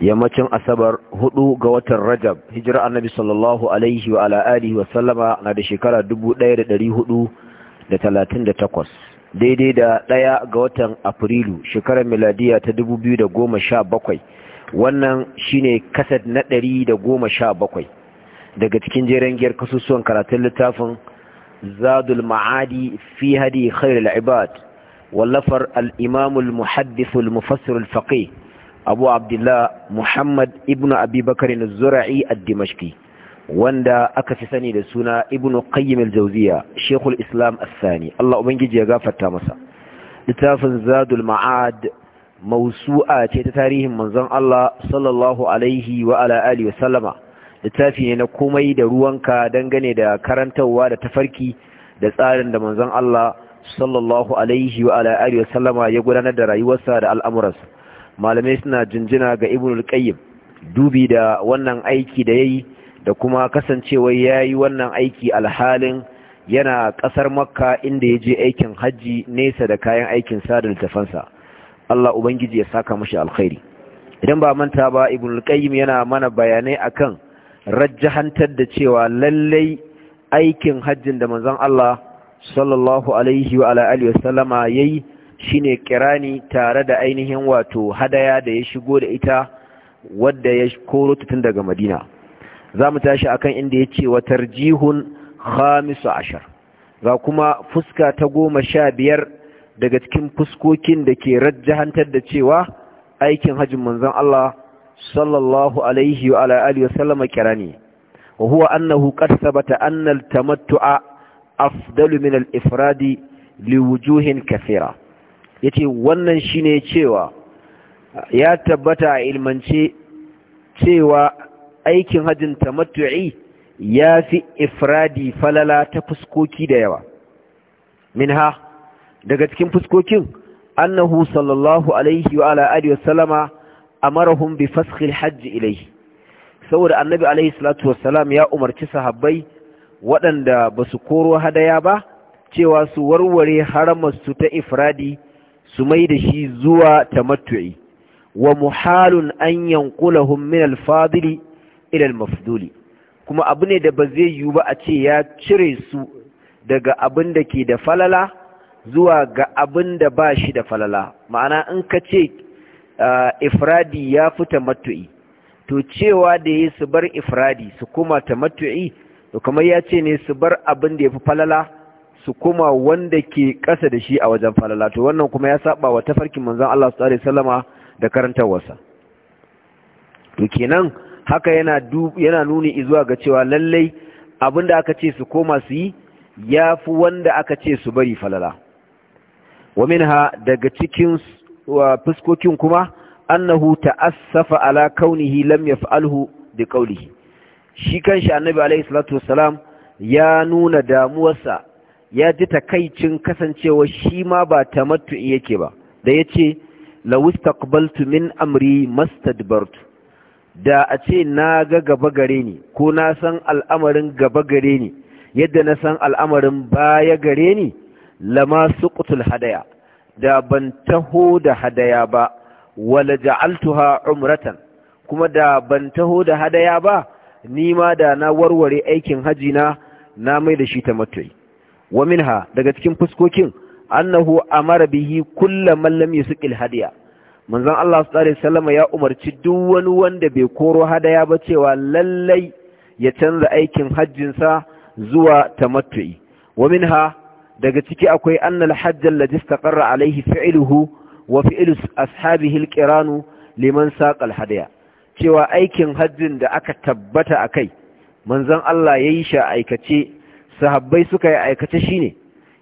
yammacin asabar hudu ga watan rajab hijira annabi sallallahu alaihi wa ala alihi wa sallama na da shekara takwas daidai da daya ga watan afrilu shekarar miladiya ta da sha bakwai wannan shine kasad na da goma sha bakwai daga cikin jeren giyar kasusuwan karatun littafin zadul ma'adi fi hadi khairul ibad wallafar al-imamul muhaddithul mufassirul faqih abu abdullah muhammad ibnu abi bakar zura'i a dimashqi wanda aka fi sani da suna ibnu qayyim al-jawziya shekul islam as-sani Allah ubangiji ya gafarta masa littafin zadul ma'ad mausu'a ce ta tarihin manzon Allah sallallahu alaihi wa ala alihi wa sallama littafi ne na komai da ruwanka dangane da karantarwa da tafarki da tsarin da manzon Allah sallallahu alaihi wa ala alihi wa sallama ya gudanar da rayuwarsa da al'amuransa malamai suna jinjina ga ibn al-qayyim dubi da wannan aiki da yayi da kuma kasancewa yayi wannan aiki alhalin yana kasar makka inda yaje aikin haji nesa da kayan aikin sadar tafansa Allah ubangiji ya saka mashi alkhairi idan ba manta ba ibn al-qayyim yana mana bayanai akan rajjahantar da cewa lallai aikin hajjin da manzon Allah sallallahu alaihi wa alihi sallama yayi shine kirani tare da ainihin wato hadaya da ya shigo da ita wadda ya koro tun daga madina za mu tashi akan inda ya ce wa tarjihun khamisu ashar ga kuma fuska ta goma sha biyar daga cikin fuskokin da ke rajjahantar da cewa aikin hajjin manzon Allah sallallahu alaihi wa alihi wa sallama kirani wa huwa annahu qad sabata anna al-tamattu'a afdalu min al-ifradi liwujuhin kathira yace wannan shine cewa ya tabbata a ilmance cewa aikin hajjin tamattu'i ya fi ifradi falala ta fuskoki da yawa minha daga cikin fuskokin annahu sallallahu alaihi wa ala alihi wasallama amarahum bi faskhil hajj saboda annabi alaihi salatu wassalam ya umarci sahabbai waɗanda ba su koro hadaya ba cewa su warware haramarsu ta ifradi su mai da shi zuwa ta matu'i wa muhalun an yanqulahum min al-fadili ila al-mafduli kuma abu ne da ba zai yiwu ba a ce ya cire su daga abin da ke da falala zuwa ga abin da ba shi da falala ma'ana in ka ce uh, ifradi ya fi matu'i to cewa da ya su bar ifradi su kuma matu'i to kamar ya ce ne su bar abin da ya fi falala su kuma wanda ke ƙasa da shi a wajen falala to wannan kuma ya saba wa tafarkin manzon Allah sallallahu alaihi wasallama da karantawarsa to kenan haka yana yana nuni zuwa ga cewa lallai abinda aka ce su koma su yi yafi wanda aka ce su bari falala wa minha daga cikin fuskokin kuma annahu ta'assafa ala kaunihi lam yaf'alhu bi qawlihi shi kanshi annabi alaihi salatu wassalam ya nuna damuwarsa ya ji takaicin kasancewa shi ma ba ta tamattu'i yake ba da ya yace lawistakbaltu min amri mastadbartu da a ce na ga gaba gare ni ko na san al'amarin gaba gare ni yadda na san al'amarin baya gare ni lama suqtul hadaya da ban taho da hadaya ba wala ja'altuha umratan kuma da ban taho da hadaya ba ni ma da na warware aikin haji na na mai da shi ta tamattu'i wa minha daga cikin fuskokin annahu amara bihi kullu man lam yusqil hadiya manzon Allah sallallahu alaihi wasallam ya umarci duk wani wanda bai koro hadaya ba cewa lallai ya canza aikin hajjin sa zuwa tamattu'i wa minha daga ciki akwai annal hajjal ladhi istaqarra alaihi fi'luhu wa fi'lu ashabihi alqiranu liman saqal hadaya cewa aikin hajjin da aka tabbata akai manzon Allah yayi shi aikace sahabbai suka yi aikace shine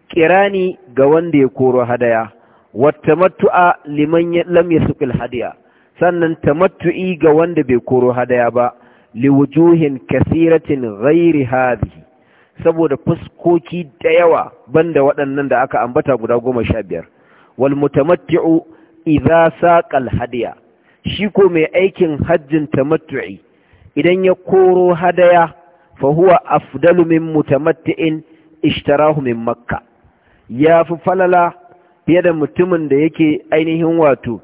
ƙirani ga wanda ya koro hadaya matu'a liman lam suƙil hadaya sannan ta matu'i ga wanda bai koro hadaya ba liwujuhin kasiratin ghairi hadhihi saboda fuskoki da yawa banda waɗannan da aka ambata guda goma sha biyar wal mutamatti'u idza saqal hadiya shi ko mai aikin hajjin tamattu'i idan ya koro hadaya fa huwa afdalu min mutamatti'in ishtarahu min makka ya fi falala fiye da mutumin da yake ainihin wato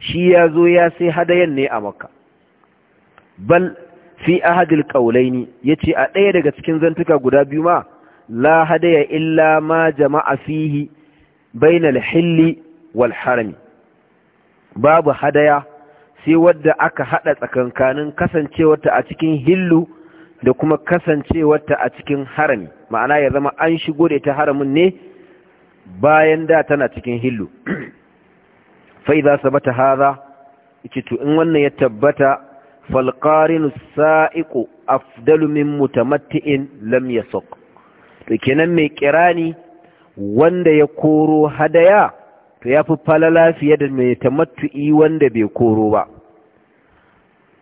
shi ya zo ya sai hadayen ne a makka bal fi ahadil qaulaini yace a ɗaya daga cikin zantuka guda biyu ma la hadaya illa ma jama'a fihi bainal hilli wal harami babu hadaya sai wadda aka hada tsakankanin kasancewarta a cikin hillu da kuma kasancewarta a cikin harami ma'ana ya zama an shigo da ita haramin ne bayan da tana cikin hillu fa'iza sabata haza ce to in wannan ya tabbata falqarinu sa'iqu afdalu min mutamatti'in lam yasuq to kenan mai kirani wanda ya koro hadaya to ya fi falala fiye da mai tamattu'i wanda bai koro ba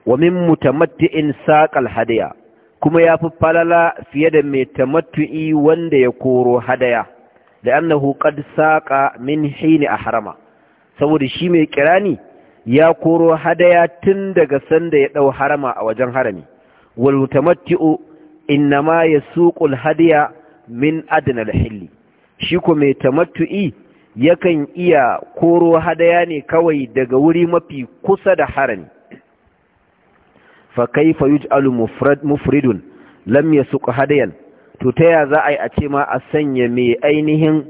wa min mutamatti'in saqal hadaya kuma ya fi falala fiye da mai tamatu'i wanda ya koro hadaya da annahu qad saƙa min a harama, saboda shi mai kirani ya koro hadaya tun daga sanda ya ɗau harama a wajen harami wal mutamatti'u innama ya suƙul hadaya min adana da hilli shi ko mai tamatu'i yakan iya koro hadaya ne kawai daga wuri mafi kusa da harami fa kaifa yuj'alu mufrad mufridun lam yasuq hadayan to ta ya za a yi a ce ma a sanya mai ainihin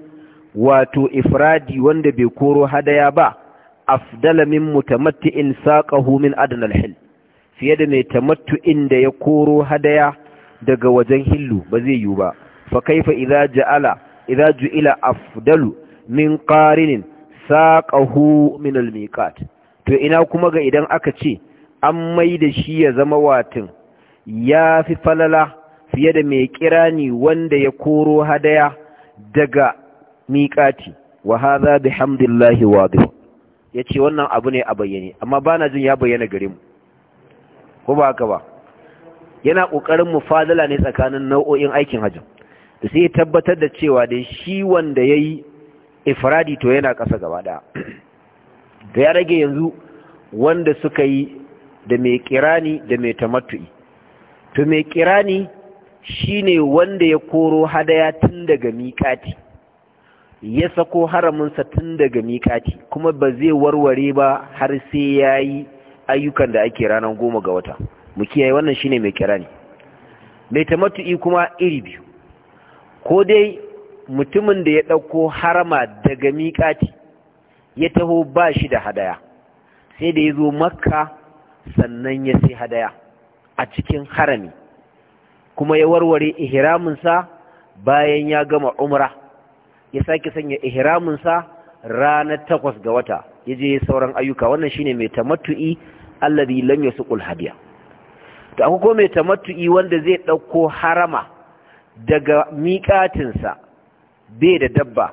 wato ifradi wanda bai koro hadaya ba afdala min mutamatti'in saqahu min adna al fiye da mai tamattu'in da ya koro hadaya daga wajen hillu ba zai yiwu ba fa kaifa idza ja'ala idza ju'ila afdalu min qarinin saqahu min al to ina kuma ga idan aka ce an mai da shi ya zama watin ya fi falala fiye da mai kirani wanda ya koro hadaya daga miƙati wa haza bi hamdillahi ya ce wannan abu ne a bayyane amma ba na jin ya bayyana gare mu ko ba haka ba yana ƙoƙarin fadala ne tsakanin nau'o'in aikin hajjin da sai tabbatar da cewa da shi wanda ya yi ifradi to yana ƙasa gaba ɗaya da ya rage yanzu wanda suka yi da mai kirani da mai tamattu'i to mai kirani shine wanda ya koro hadaya tun daga miƙati ya sako haraminsa tun daga miƙati kuma ba zai warware ba har sai ya yi ayyukan da ake ranar goma ga wata mu kiyaye wannan shine mai kirani mai tamattu'i kuma iri biyu ko dai mutumin da ya ɗauko harama daga miƙati ya taho ba shi da hadaya sai da ya zo makka sannan ya sai hadaya a cikin harami kuma ya warware ihraminsa bayan ya gama umra ya sake sanya ihraminsa ranar takwas ga wata ya je sauran ayyuka wannan shine mai tamattu'i alladhi lam yasuqul hadiya to akwai kuma mai tamattu'i wanda zai ɗauko harama daga miƙatinsa bai da dabba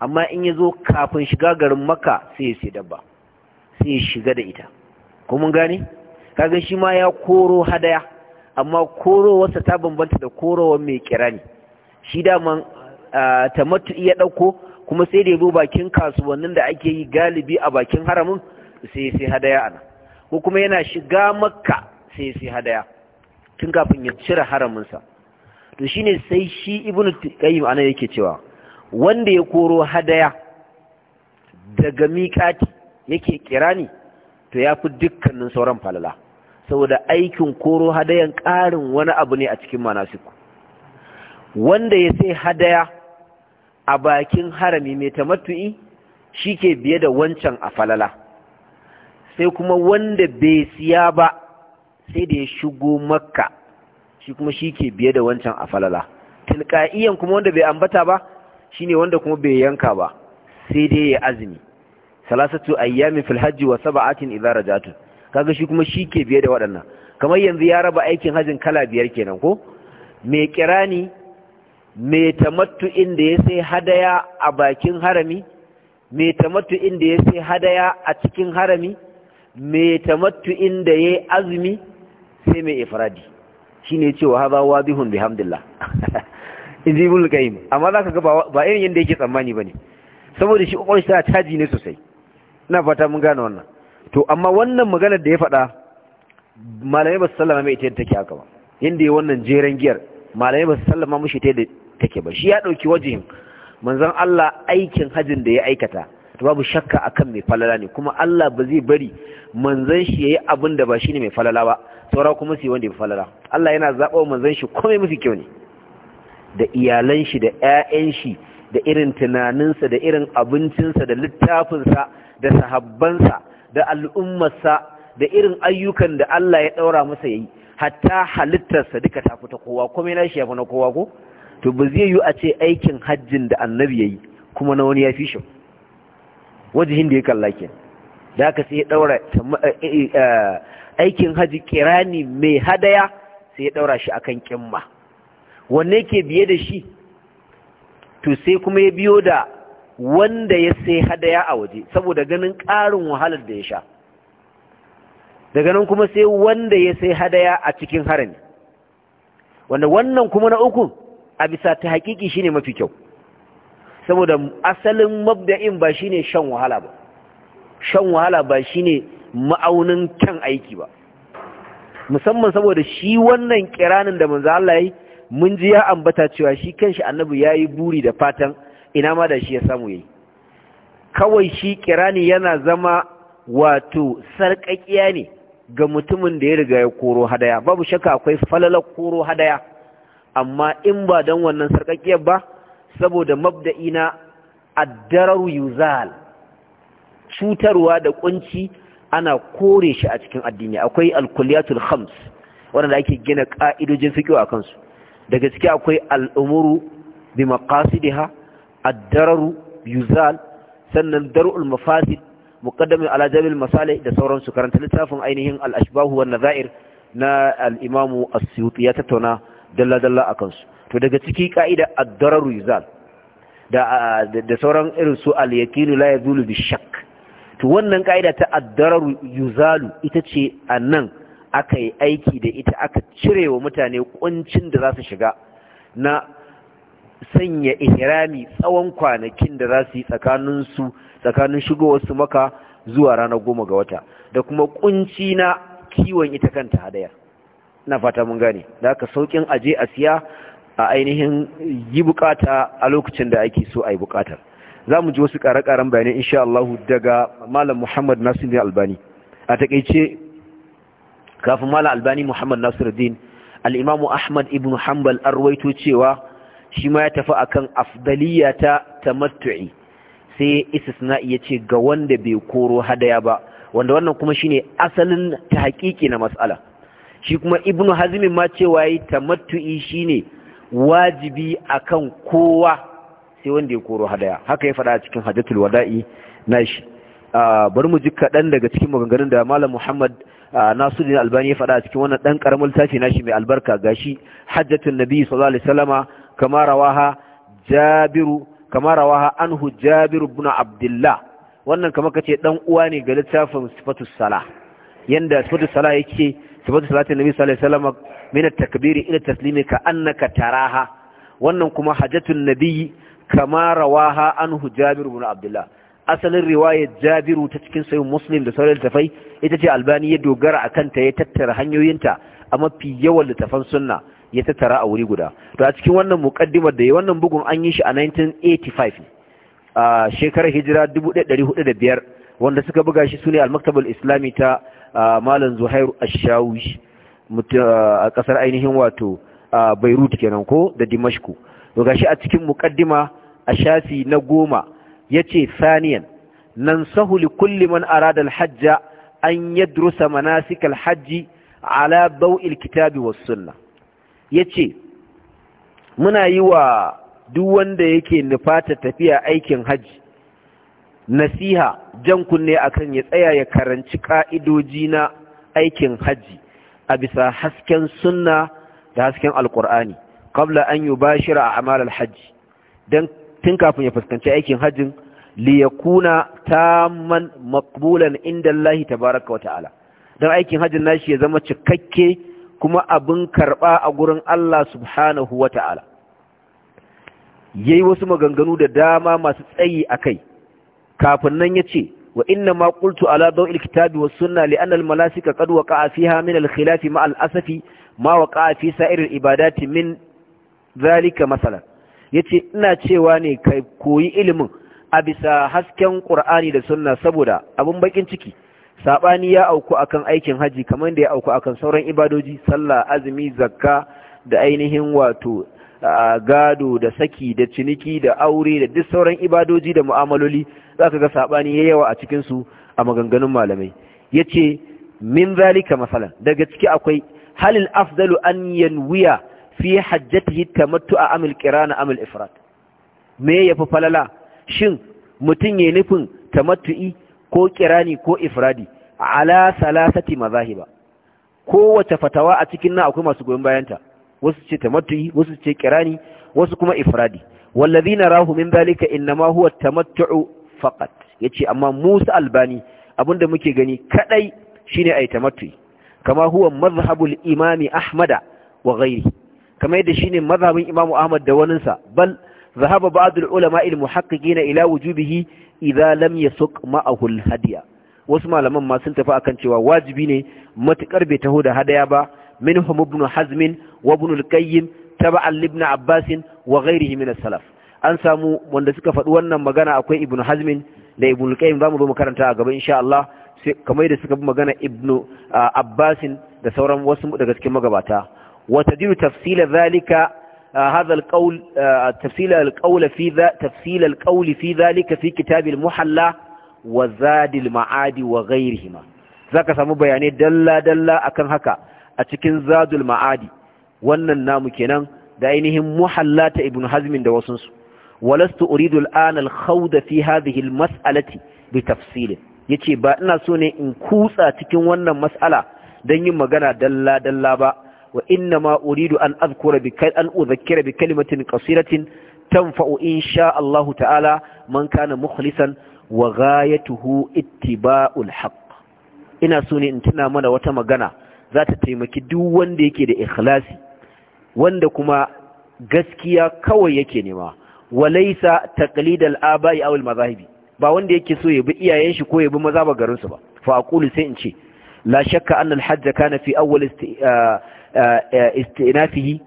amma in ya zo kafin shiga garin maka sai ya shiga da ita ko mun gane kaga shi ma ya koro hadaya amma korowarsa ta bambanta da korowar mai ne shi daman tamattu ya ɗauko kuma sai da ya zo bakin kasuwannin da ake yi galibi a bakin haramin sai sai hadaya ana ko kuma yana shiga makka sai sai hadaya tun kafin ya cire haraminsa to shine sai shi ibnu qayyim ana yake cewa wanda ya koro hadaya daga miƙati yake kirani to ya fi dukkanin sauran falala saboda aikin koro hadayan ƙarin wani abu ne a cikin manasiku wanda ya sai hadaya a bakin harami mai tamattu'i shi ke biye da wancan a falala sai kuma wanda bai siya ba sai da ya shigo makka shi kuma shi ke biye da wancan a falala tilka'iyan kuma wanda bai ambata ba ne wanda kuma bai yanka ba sai dai ya azumi salasatu ayyamin fil hajji wa sab'atin idza raja'tu kaga shi kuma shi ke biye da waɗannan kamar yanzu ya raba aikin hajjin kala biyar kenan ko me kirani me tamattu inda ya sai hadaya a bakin harami me tamattu inda ya sai hadaya a cikin harami me tamattu inda ya azumi sai me ifradi shine cewa hadha wadihun bihamdillah inji ibn qayyim amma zaka ga ba irin yanda yake tsammani bane saboda shi kokarin shi ta caji ne sosai ina fata mun gane wannan to amma wannan maganar da ya faɗa malamai ba su sallama mai ita da take haka ba inda ya wannan jeren giyar malamai ba su sallama mushi ta da take ba shi ya ɗauki wajihin zan Allah aikin hajin da ya aikata to babu shakka akan mai falala ne kuma Allah ba zai bari zan shi yayi abin da ba shi ne mai falala ba saura kuma su yi wanda ya falala Allah yana zaɓa zan shi komai mafi kyau ne da iyalan shi da 'ya'yan shi da irin tunaninsa da irin abincinsa da littafinsa da sahabbansa da al'ummarsa da irin ayyukan da Allah ya ɗaura masa yayi hatta halittarsa duka ta fita kowa kuma yana shi ya na kowa ko to ba zai yi a ce aikin hajjin da annabi yayi kuma na wani ya fi shi wajihin da ya kalla ke da aka sai ya ɗaura aikin hajji kirani mai hadaya sai ya ɗaura shi akan kimma wanne ke biye da shi to sai kuma ya biyo da wanda ya sai hadaya a waje saboda ganin ƙarin wahalar da ya sha daga nan kuma sai wanda ya sai hadaya a cikin harami wanda wannan kuma na uku a bisa ta hakiki shine mafi kyau saboda asalin mabda'in ba shine shan wahala ba shan wahala ba shine ma'aunin kyan aiki ba musamman saboda shi wannan kiranin da manzo Allah yayi mun ji ya ambata cewa shi kanshi annabi yi buri da fatan ina ma da shi ya samu yi. kawai shi kirani yana zama wato sarƙaƙiya ne ga mutumin da ya riga ya koro hadaya babu shaka akwai falalar koro hadaya amma in ba don wannan sarƙaƙiyar ba saboda mabda'i na addarar yuzal cutarwa da kunci ana kore shi a cikin addini akwai alkuliyatul khams wanda ake gina ka'idojin fiqh a kansu daga ciki akwai al'umuru bi maqasidiha ad-dararu yuzal sannan daru'ul mafasid muqaddam ala jabil da sauransu su karanta littafin ainihin al’ashbahu wa nazair na al'imamu imam ya tattauna dalla dalla a kansu. to daga ciki ka'ida addararu yuzal da sauran irin su al-yaqinu bi shak to wannan ka'ida ta addararu yuzalu ita ce a nan. aka yi aiki da ita aka cire wa mutane kuncin da za su shiga na sanya ihrami tsawon kwanakin da za su yi tsakaninsu tsakanin shigowarsu maka zuwa ranar goma ga wata da kuma kunci na kiwon ita kanta hadayar na fata mun gane da aka saukin aje a siya a ainihin yi bukata a lokacin da ake so a yi bukatar za mu ji wasu ƙare karen bayanai insha Allah daga Malam Muhammad Nasiru Albani a takaice kafin mala albani muhammad nasiruddin al'imamu ahmad ibn hanbal an ruwaito cewa shi ma ya tafi akan afdaliya ta tamattu'i sai istisna ya ce ga wanda bai koro hadaya ba wanda wannan kuma shine asalin ta hakiki na matsala shi kuma Ibn hazmin ma cewa yi tamattu'i shine wajibi akan kowa sai wanda ya koro hadaya haka ya faɗa cikin hajjatul wada'i shi ah, bari mu ji kaɗan daga cikin maganganun da malam muhammad nasiruddin albani ya faɗa a cikin wannan ɗan ƙaramin littafi nashi mai albarka gashi hajjatun nabi sallallahu alaihi wasallama kama rawaha jabiru kama rawaha anhu jabiru ibn abdullah wannan kamar kace dan uwa ne ga littafin sifatus salah yanda sifatus salah yake sifatus salatin nabi sallallahu alaihi wasallama min at-takbiri ila taslimi ka annaka taraha wannan kuma hajjatun nabi kama rawaha anhu jabiru ibn abdullah asalin riwayar jabiru ta cikin sayin muslim da sauran littafai ita ce albani ya dogara a kanta ya tattara hanyoyinta a mafi yawan littafan sunna ya tattara a wuri guda to a cikin wannan mukaddimar da ya wannan bugun an yi shi a 1985 a shekarar hijira 1405 wanda suka buga shi sune al-maktabul islami ta malam zuhairu ash-shawish a kasar ainihin wato beirut kenan ko da dimashku to gashi a cikin mukaddima a shafi na goma yace saniyan nan sahuli kulli man hajja an yadrusa manasikar hajji ala baw'il kitabi was ya yace muna yi wa duk wanda yake nufata tafiya aikin hajji nasiha jan kunne akan ya tsaya ya karanci ka'idoji na aikin hajji a bisa hasken sunna da hasken alkur'ani anyi an a a'mal hajji dan tun kafin ya fuskanci aikin hajjin liyakuna taman maqbulan inda Allah tabaraka wa ta'ala don aikin hajjin nashi ya zama cikakke kuma abin karba a gurin Allah subhanahu wa ta'ala yayi wasu maganganu da dama masu tsayi akai kafin nan yace wa inna ma qultu ala dawil kitabi was sunna li anna al malasika qad waqa'a fiha min al khilaf ma al asafi ma waqa'a fi sa'ir al ibadati min dhalika masalan Ya ce ina cewa ne ka koyi ilimin a bisa hasken Ƙur'ani da Sunna saboda abin bakin ciki Saɓani ya auku akan aikin haji kamar da ya auku akan sauran ibadoji sallah azumi zakka da ainihin wato gado da saki da ciniki da aure da duk sauran ibadoji da mu'amaloli Za ka ga saɓani ya yawa a cikinsu a maganganun malamai Ya ce min zalika masalan daga ciki akwai halin afdalu an yanwiya fi hajjatihi tamattu'a amil qirana amil ifrad me yafi falala shin mutun yayin nufin tamattu'i ko qirani ko ifradi ala salasati mazahiba kowace fatawa a cikin na akwai masu goyon bayanta wasu ce tamattu'i wasu ce qirani wasu kuma ifradi wallazina rahu min zalika innama huwa tamattu'u faqat yace amma Musa Albani abinda muke gani kadai shine ai tamattu'i kama huwa madhhabul imami Ahmada wa ghairihi kamar yadda shine mazhabin Imam Ahmad da waninsa bal zahaba ba'dul ulama il muhaqqiqina ila wujubihi idza lam yasuq ma'ahu al hadiya wasu malaman ma sun tafi akan cewa wajibi ne matukar bai taho da hadaya ba minhum ibn hazm wa ibn al qayyim tab'an ibn abbas wa ghayrihi min as salaf an samu wanda suka faɗi wannan magana akwai ibn hazm da ibn al qayyim zamu zo mu a gaba insha Allah kamar da suka bi magana ibn ah, abbas da sauran wasu daga cikin magabata وتدل تفصيل ذلك هذا القول تفصيل القول في ذا تفصيل القول في ذلك في كتاب المحلى وزاد المعاد وغيرهما ذاك بياني دلا دلا akan haka a cikin zadul wannan namu kenan da ainihin muhallata Ibnu ibn da wasun su walastu uridu al'an al-khawd fi hadhihi al-mas'alati bi tafsil yace ba ina so ne in kutsa cikin wannan mas'ala dan yin magana dalla dalla ba wa inna ma uridu an azkura bi an udhakkira bi kalimatin qasiratin tanfa'u insha Allah ta'ala man na mukhlisan wa ghayatuhu ittiba'ul haqq ina so ne in tuna mana wata magana za ta taimaki duk wanda yake da ikhlasi wanda kuma gaskiya kawai yake nema walaisa taqlidal aba'i aw al mazahibi ba wanda yake so ya bi iyayen shi ko ya bi maza ba garinsu ba fa sai in ce la shakka anna al hajj kana fi awwal ah, istinafihi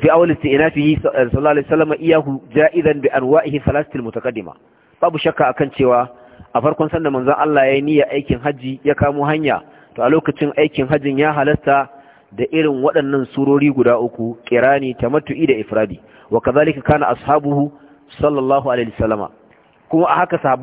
fi awal istinafihi sallallahu alaihi wasallam iyahu ja'idan bi anwa'ihi thalathati babu shakka akan cewa a farkon sanda manzon Allah yayi niyya aikin haji ya kamo hanya to a lokacin aikin hajin ya halasta da irin waɗannan surori guda uku kirani tamattu'i da ifradi wa kadhalika kana ashabuhu kuma a haka suka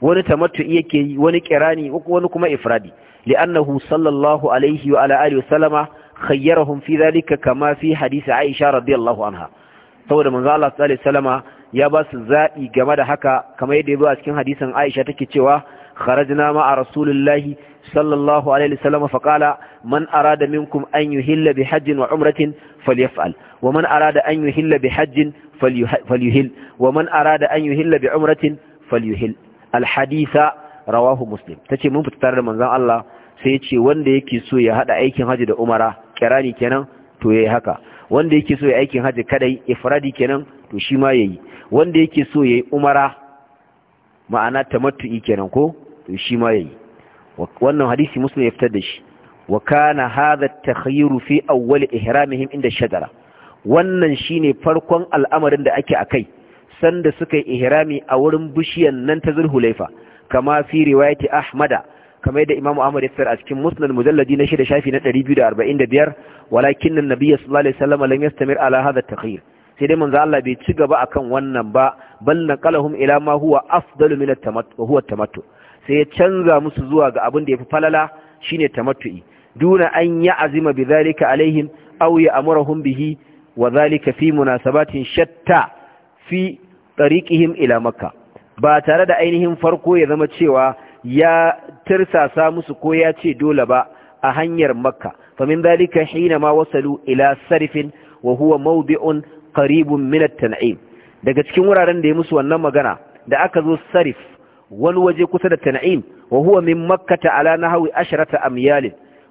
wani tamattu'i yake yi wani kirani wani kuma ifradi li'annahu sallallahu alaihi wa ala alihi wasallama khayyarahum fi dhalika kama fi hadisi Aisha radiyallahu anha saboda manzo Allah sallallahu alaihi wasallama ya ba su zabi game da haka kamar yadda ya zo a cikin hadisin Aisha take cewa kharajna ma'a rasulillahi sallallahu alaihi wasallam fa qala man arada minkum an yuhilla bi hajjin wa umratin falyaf'al wa man arada an yuhilla bi hajjin falyuhil wa man arada an yuhilla bi umratin falyuhil alhadisa rawahu muslim tace mun fita tare da manzan Allah sai ya ce wanda yake so ya hada aikin haji da umara kirani kenan to yi haka wanda yake so ya aikin haji kadai ifradi kenan to shi ma yi. wanda yake so yayi umara ma'ana matu'i kenan ko to shi ma yi. wannan hadisi muslim ya fitar da shi wa kana hadha at-takhayyur fi awwal ihramihim inda shajara wannan shine farkon al'amarin da ake akai sanda suka yi ihrami a wurin bishiyan nan ta zulhulaifa kama fi riwayati ahmada kama yadda imamu ahmad ya fitar a cikin musnad mujalladi na shida shafi na 245 walakin annabi sallallahu alaihi wasallam lam yastamir ala hadha at-taghyir sai dai manzo Allah bai ci gaba akan wannan ba bal naqalahum ila ma huwa afdalu min at-tamattu huwa at-tamattu sai ya canza musu zuwa ga abin da yafi falala shine tamattu'i duna an ya'zima bidhalika alaihim aw ya'muruhum bihi wa dhalika fi munasabatin shatta fi tariqihim ila makka ba tare da ainihin farko ya zama cewa ya tirsasa musu ko ya ce dole ba a hanyar makka famin dalika hina ma wasalu ila sarifin wa huwa mawdi'un qaribun min at-tan'im daga cikin wuraren da ya musu wannan magana da aka zo sarif wani waje kusa da tan'im wa huwa min makkata ala nahwi asharata amyal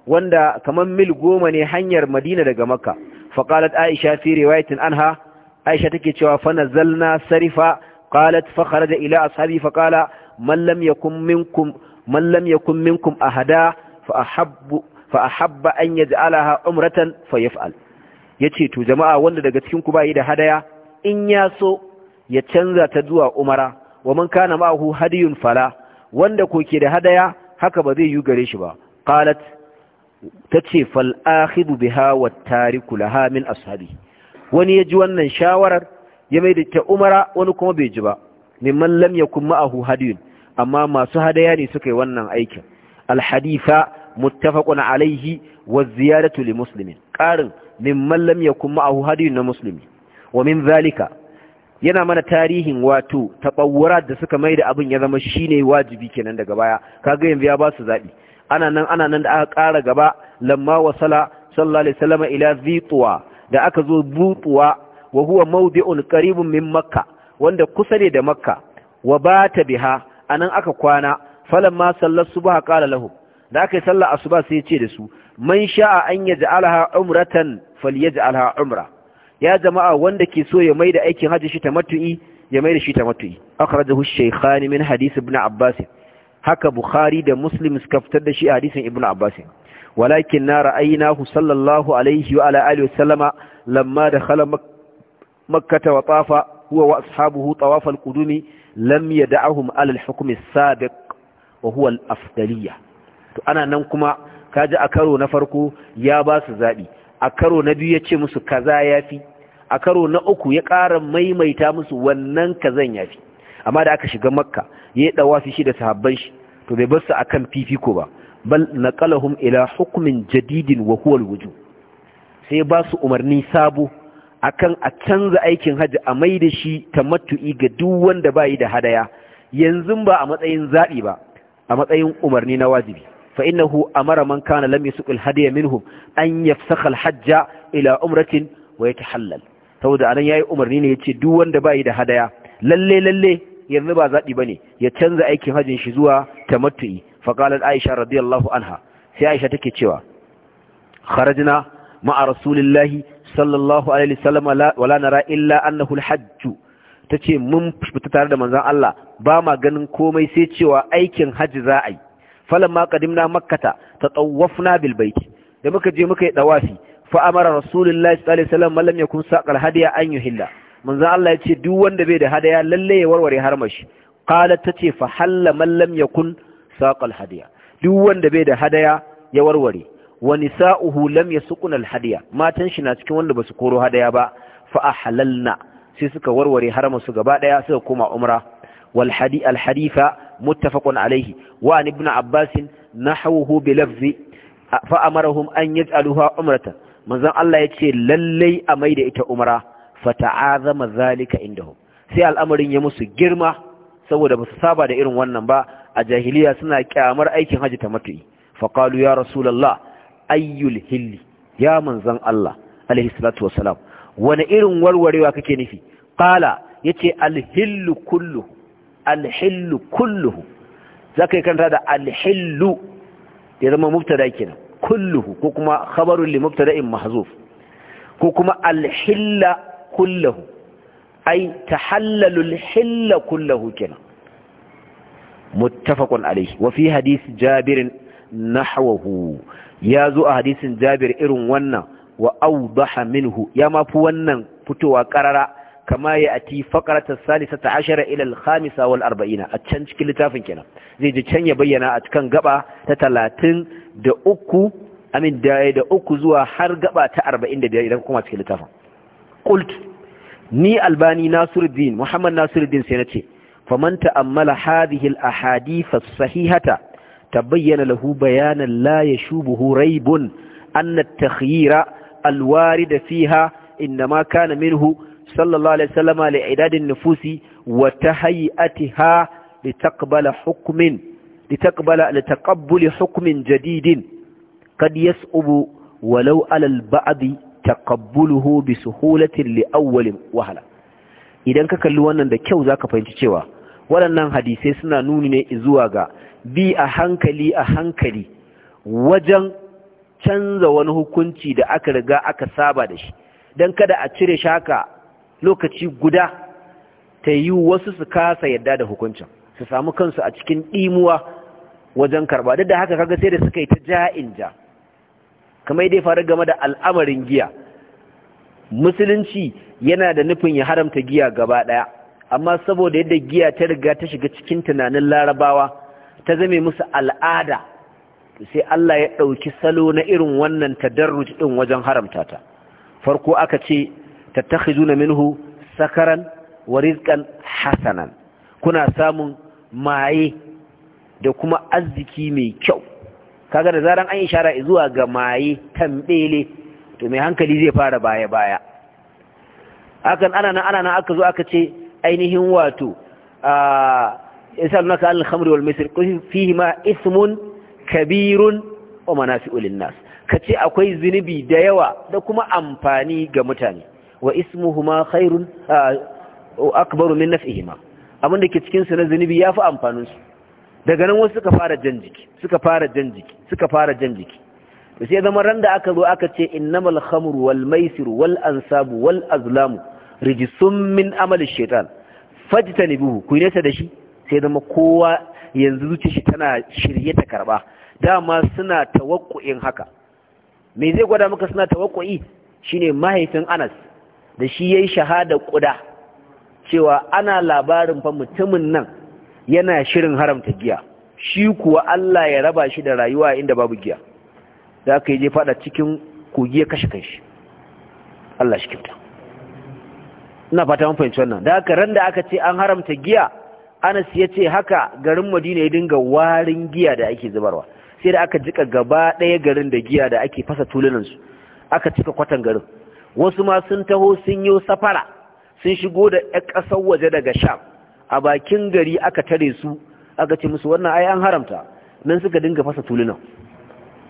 wanda kaman mil goma ne hanyar madina daga makka faqalat aisha fi riwayatin anha aisha take cewa fa nazalna sarifa qalat fa kharaja ila ashabi fa qala man lam yakun minkum man lam minkum ahada fa ahabbu fa ahabba an yaj'alaha umratan fa yaf'al yace to jama'a wanda daga cikin ku bai da hadaya in ya so ya canza ta zuwa umara wa man kana ma'ahu hadiyun fala wanda ko ke da hadaya haka ba zai yi gare shi ba qalat tace fal akhidu biha wat tariku laha min ashabi wani ya ji wannan shawarar ya mai da ta umara wani kuma bai ji ba mimman lam yakun ma'ahu hadiyun amma masu hadaya ne suka yi wannan aikin alhadifa muttafaqun alaihi wa ziyadatu li muslimin qarin mimman lam yakun ma'ahu hadiyun na muslimi wa min zalika yana mana tarihin wato tabawurat da suka da abin ya zama shine wajibi kenan daga baya kaga yanzu ya ba su zabi ana nan ana nan da aka ƙara gaba lamma wasala sallallahu alaihi wasallam ila zituwa da aka zo butuwa wa huwa mawdi'un qaribun min makka wanda kusa ne da makka wa bata biha anan aka kwana falamma sallar subha qala lahu da aka yi sallar asuba sai ya ce da su man sha'a an yaj'alha umratan falyaj'alha umra ya jama'a wanda ke so ya mai da aikin hajji shi tamattu'i ya maida shi tamattu'i akhrajahu shaykhani min hadith ibn abbas haka bukhari da muslim suka fitar da shi hadisin ibn abbas walakin na ra'ayinahu sallallahu alaihi wa ala alihi wasallama lamma dakhala makkata wa tafa huwa wa ashabuhu tawaf al-qudumi lam yad'ahum ala al-hukm as-sabiq wa to ana nan kuma kaji a karo na farko ya basu zaɓi, zabi a karo na biyu yace musu kaza yafi a karo na uku ya ƙara maimaita musu wannan kazan yafi amma da aka shiga makka ya dawa su shi da sahabban shi to bai bar a kan fifiko ba bal naqalahum ila hukumin jadidin wa huwa sai ba su umarni sabo akan a canza aikin hajji a mai da shi ta tamattu'i ga duk wanda bayi da hadaya yanzu ba a matsayin zabi ba a matsayin umarni na wajibi fa innahu amara man kana lam yusuq alhadiya minhum an yafsakha hajja ila umratin wa yatahallal saboda anan yayi umarni ne yace duk wanda bayi da hadaya lalle lalle yanzu ba zabi bane ya canza aikin hajin shi zuwa tamattu'i faqalat aisha radiyallahu anha sai aisha take cewa kharajna ma'a rasulillahi sallallahu alaihi wasallam wala nara illa annahu alhajj tace mun fita tare da manzon Allah ba ma ganin komai sai cewa aikin haji za a yi falamma qadimna makkata tatawwafna bil bait da muka je muka yi dawafi fa amara rasulullahi sallallahu alaihi wasallam man lam yakun saqal hadiya an yuhilla manzon Allah ya ce duk wanda bai da hadaya lalle ya warware harmashi qalat tace fa halla man lam yakun saqal hadiya duk wanda bai da hadaya ya warware wa nisa'uhu lam yasqun al hadiya matan shi na cikin wanda basu koro hadaya ba fa ahlalna sai suka warware haramun su gaba daya suka koma umra wal hadi al hadifa muttafaqun alayhi wa an ibn abbas nahawuhu bi lafzi fa amarahum an yaj'aluha umrata manzon Allah yace lallai a da ita umra fata'azama zalika indahum sai al'amarin ya musu girma saboda ba su saba da irin wannan ba a jahiliya suna kyamar aikin haji ta matu'i faƙalu ya rasulallah ayyul hilli ya manzan Allah alaihi wane wasalam wani irin warwarewa kake nufi ƙala ya ce alhillu kulluhu alhillu kulluhu za ka yi kanta da alhillu ya zama mubtada nan kulluhu ko kuma khabarun li mubtada'in mahzuf ko kuma alhilla kulluhu ai hallalul hilla kulluhu kenan muttafaqun alayhi wa fi hadith jabir nahwahu ya zo a hadisin jabir irin wannan wa ya mafi fi wannan fitowa karara kama ya ati faqrata salisata ashara ila al-khamisa wal arba'ina a can cikin littafin kenan zai ji can ya bayyana a cikin gaba ta 30 da uku amin da da uku zuwa har gaba ta 45 idan kuma cikin littafin qult ni albani nasiruddin muhammad nasiruddin sai ce. faman ta'ammala hadhihi al-ahadith as-sahihata tabayyana lahu bayanan la yashubuhu raibun. anna at-takhyira al-warid fiha inma kana minhu sallallahu alaihi wasallam li'idad an-nufusi wa tahayatiha litaqbala hukmin litaqbala litaqabbul hukmin jadidin qad yas'ubu walau 'ala al-ba'd taqabbuluhu bi suhulatin li awwalin wahala idan ka kalli wannan da kyau zaka fahimci cewa waɗannan hadisai suna nuni ne zuwa ga bi a hankali a hankali wajen canza wani hukunci da aka riga aka saba da shi don kada a cire shaka lokaci guda ta yi wasu su kasa yadda da hukuncin su samu kansu a cikin ɗimuwa wajen karba duk da haka kaga sai da suka yi ta ja'in ja kamar dai faru game da al'amarin giya musulunci yana da nufin ya haramta giya gaba ɗaya amma saboda yadda giya ta riga ta shiga cikin tunanin larabawa ta zame musu al'ada sai Allah ya ɗauki salo na irin wannan tadarruj ɗin wajen haramta ta farko aka ce tattakhizuna minhu sakaran wa rizqan hasanan kuna samun maye da kuma arziki mai kyau kaga da zaran an shara zuwa ga maye tambele to mai hankali zai fara baya baya akan ana nan ana nan aka zo aka ce ainihin wato yasalunaka al khamri wal maisir fihi ma ismun kabirun wa manafi'u nas kace akwai zunubi da yawa da kuma amfani ga mutane wa ismuhuma khairun akbaru min naf'ihima abin da ke cikin su na zunubi yafi amfanin su daga nan wasu suka fara jan jiki suka fara jan jiki suka fara jan jiki to sai zama ran da aka zo aka ce innamal khamru wal maisir wal ansabu wal azlamu rijisun min amalin shaitan fajita ne buhu ku nesa da shi sai zama kowa yanzu zuci shi tana shirye ta karba dama suna tawakku'in haka mai zai gwada maka suna tawakku'i shine mahaifin anas da shi ya yi shahada kuda cewa ana labarin fa mutumin nan yana shirin haramta giya shi kuwa Allah ya raba shi da rayuwa inda babu giya Za ka yi je fada cikin kogi ya kashe kanshi Allah shi kyauta ina fata mun fahimci wannan da haka ran da aka ce an haramta giya Anas ya ce haka garin Madina ya dinga warin giya da ake zubarwa sai da aka jika gaba ɗaya garin da giya da ake fasa tulunan su aka cika kwatan garin wasu ma sun taho sun yi safara sun shigo da ƴan ƙasar waje daga Sham a bakin gari aka tare su aka ce musu wannan ai an haramta nan suka dinga fasa tulunan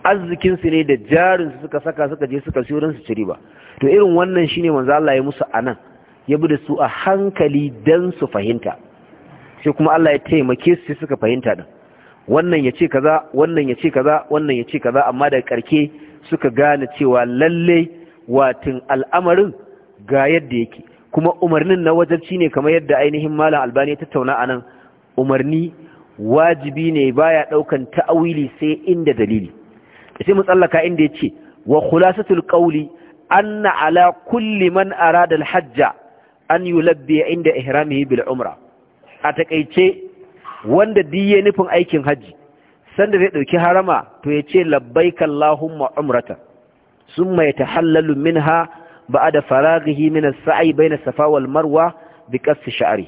arzikinsu ne da jarinsu suka saka suka je suka siyo don su ci riba to irin wannan shine manzo Allah ya musu anan ya bi da su a hankali dan su fahimta sai kuma Allah ya taimake su suka fahimta din wannan ya ce kaza wannan ya ce kaza wannan ya ce kaza amma da karke suka gane cewa lalle watin al'amarin ga yadda yake kuma umarnin na wajarci ne kamar yadda ainihin malam albani ya tattauna nan umarni wajibi ne baya ɗaukan ta'awili sai inda dalili sai mu tsallaka inda yace wa khulasatul qawli anna ala kulli man arada hajja an yulabbi inda yi bil umra a takaice wanda diye nufin aikin haji sanda zai dauki harama to ya ce labbaika allahumma umrata summa yatahallalu minha ba'da faraghihi min as-sa'i bai safa wal marwa bi qasfi sha'ari.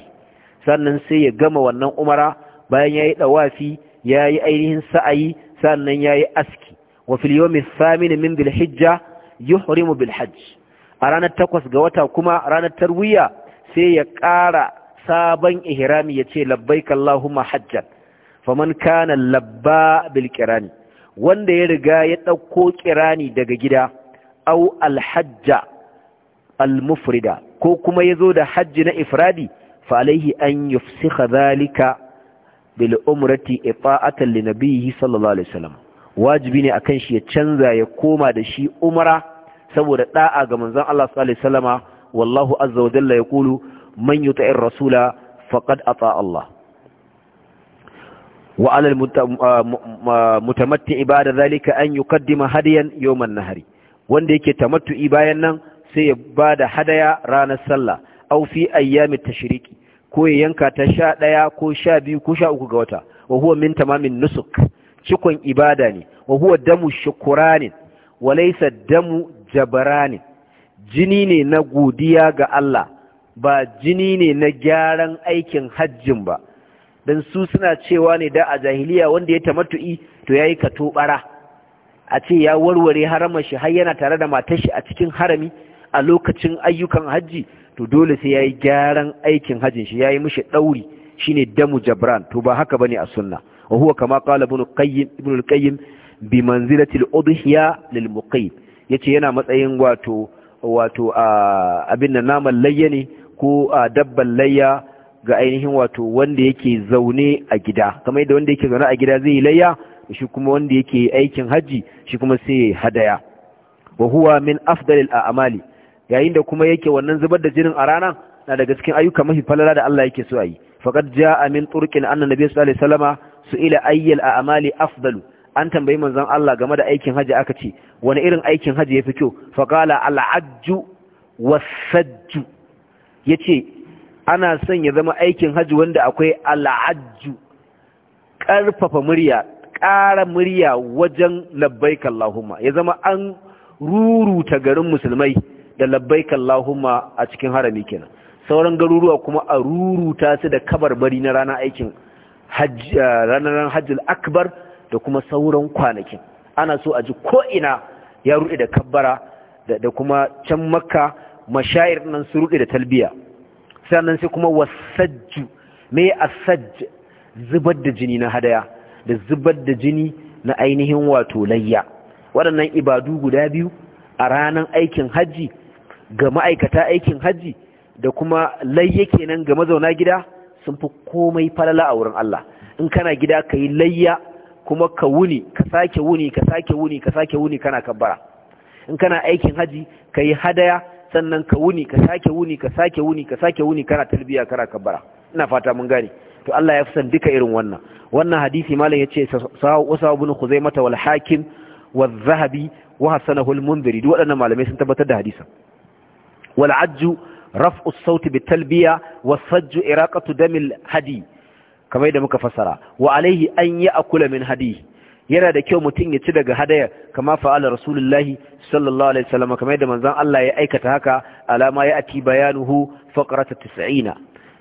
sannan sai ya gama wannan umara bayan yayi dawafi yayi ainihin sa'ayi sannan yayi aski wa fil yawmi min bil hijja yuhrimu bil hajji. a ranar takwas ga wata kuma ranar tarwiya sai ya ƙara sabon ihrami ya ce labbaik Allahumma hajjan faman kana labba bil kirani wanda ya riga ya ɗauko kirani daga gida au alhajja almufrida ko kuma ya zo da hajji na ifradi fa alaihi an yufsikha zalika bil umrati ita'atan li nabiyhi sallallahu alaihi wasallam wajibi ne akan shi ya canza ya koma da shi umra saboda da'a ga manzon Allah sallallahu alaihi wasallama wallahu azza wa jalla yaqulu man yuta'ir rasula faqad ata Allah wa 'ala al-mutamatti ibada zalika an yuqaddima hadiyan yawm an-nahri wanda yake tamattu'i bayan nan sai ya bada hadaya ranar sallah aw fi ayyamit tashriqi ko ya yanka ta sha ɗaya ko sha biyu ko sha uku ga wata wa huwa min tamamin nusuk cikon ibada ne wa huwa damu shukuranin wa laysa damu jabarani jini ne na godiya ga Allah ba jini ne na gyaran aikin hajjin ba Dan su suna cewa ne da a jahiliya wanda ya tamatu'i to ya yi bara. a ce ya warware haramar shi har yana tare da matar shi a cikin harami a lokacin ayyukan hajji to dole sai ya yi gyaran aikin hajjin shi ya yi mishi ɗauri shine damu jabran to ba haka bane a sunna wa huwa kama qala ibn qayyim ibn al-qayyim bi manzilati al-udhiya lil Ya ce yana matsayin wato wato abin da naman layya ne ko a dabban layya ga ainihin wato wanda yake zaune a gida kamar yadda wanda yake zaune a gida zai yi layya shi kuma wanda yake aikin hajji, shi kuma sai hadaya wa huwa min afdalil a'mali yayin da kuma yake wannan zubar da jinin a rana na daga cikin ayyuka mafi falala da Allah yake so a yi faqad jaa min turqin anna nabiy sallallahu alaihi wasallama su'ila ayyal a'mali afdalu an tambayi manzon Allah game da aikin haji aka ce wani irin aikin haji yafi kyau fa qala al ajju was-sajju yace ana son ya zama aikin haji wanda akwai al ajju karfafa murya ƙara murya wajen labbaik Allahumma ya zama an ruruta garin musulmai da labbaik Allahumma a cikin harami kenan sauran garuruwa kuma a ruruta su da kabarbari na ranar aikin eh, ranar hajjul akbar da kuma sauran kwanakin ana so a ji ko'ina ya ruɗe da kabbara da kuma can makka mashayar nan su ruɗe da talbiya sannan sai kuma wasajju me asajj zubar da jini na hadaya da zubar da jini na ainihin wato layya waɗannan ibadu guda biyu a ranar aikin hajji ga ma'aikata aikin hajji da kuma layya kenan ga mazauna gida sun fi komai falala a wurin Allah in kana gida ka yi layya kuma ka wuni ka sake wuni ka sake wuni ka sake wuni kana kabbara in kana aikin haji ka yi hadaya sannan ka wuni ka sake wuni ka sake wuni ka sake wuni kana talbiya kana kabbara ina fata mun gane to Allah ya fi san duka irin wannan wannan hadisi malam yace ce usaw ibn khuzaimah wal hakim wal zahabi wa hasanahu al munziri duk waɗannan malamai sun tabbatar da hadisin wal ajju raf'u as-sawt bit talbiya was sajju iraqatu damil hadi kamar da muka fassara wa alaihi an yi akula min hadi yana da kyau mutum ya ci daga hadaya kama fa'ala rasulullahi sallallahu alaihi wasallam kamar da manzon Allah ya aikata haka alama ya ati bayanuhu faqrat 90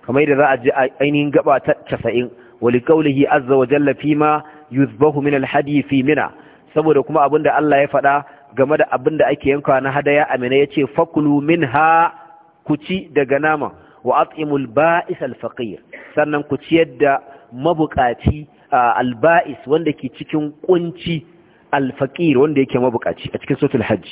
kamar da za a ji ainihin gaba ta 90 wa liqaulihi azza wa jalla fima yuzbahu min alhadi fi mina saboda kuma abinda Allah ya faɗa game da abinda ake yankawa na hadaya amina yace fakulu minha ku ci daga nama wa at'imul ba'is al sannan ku ciyar da mabukaci al-ba'is wanda ke cikin kunci al-faqir wanda yake mabukaci a cikin suratul hajj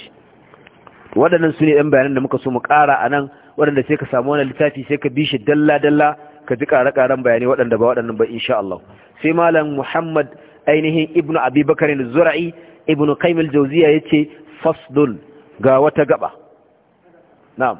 waɗannan su ɗan bayanan da muka so mu ƙara a nan waɗanda sai ka samu wannan littafi sai ka bi shi dalla-dalla ka ji ƙare-ƙaren bayanai waɗanda ba waɗannan ba insha Allah sai malam Muhammad ainihin Ibn Abi Bakar Zura'i Ibn Qayyim al-Jawziyya yace fasdul ga wata gaba na'am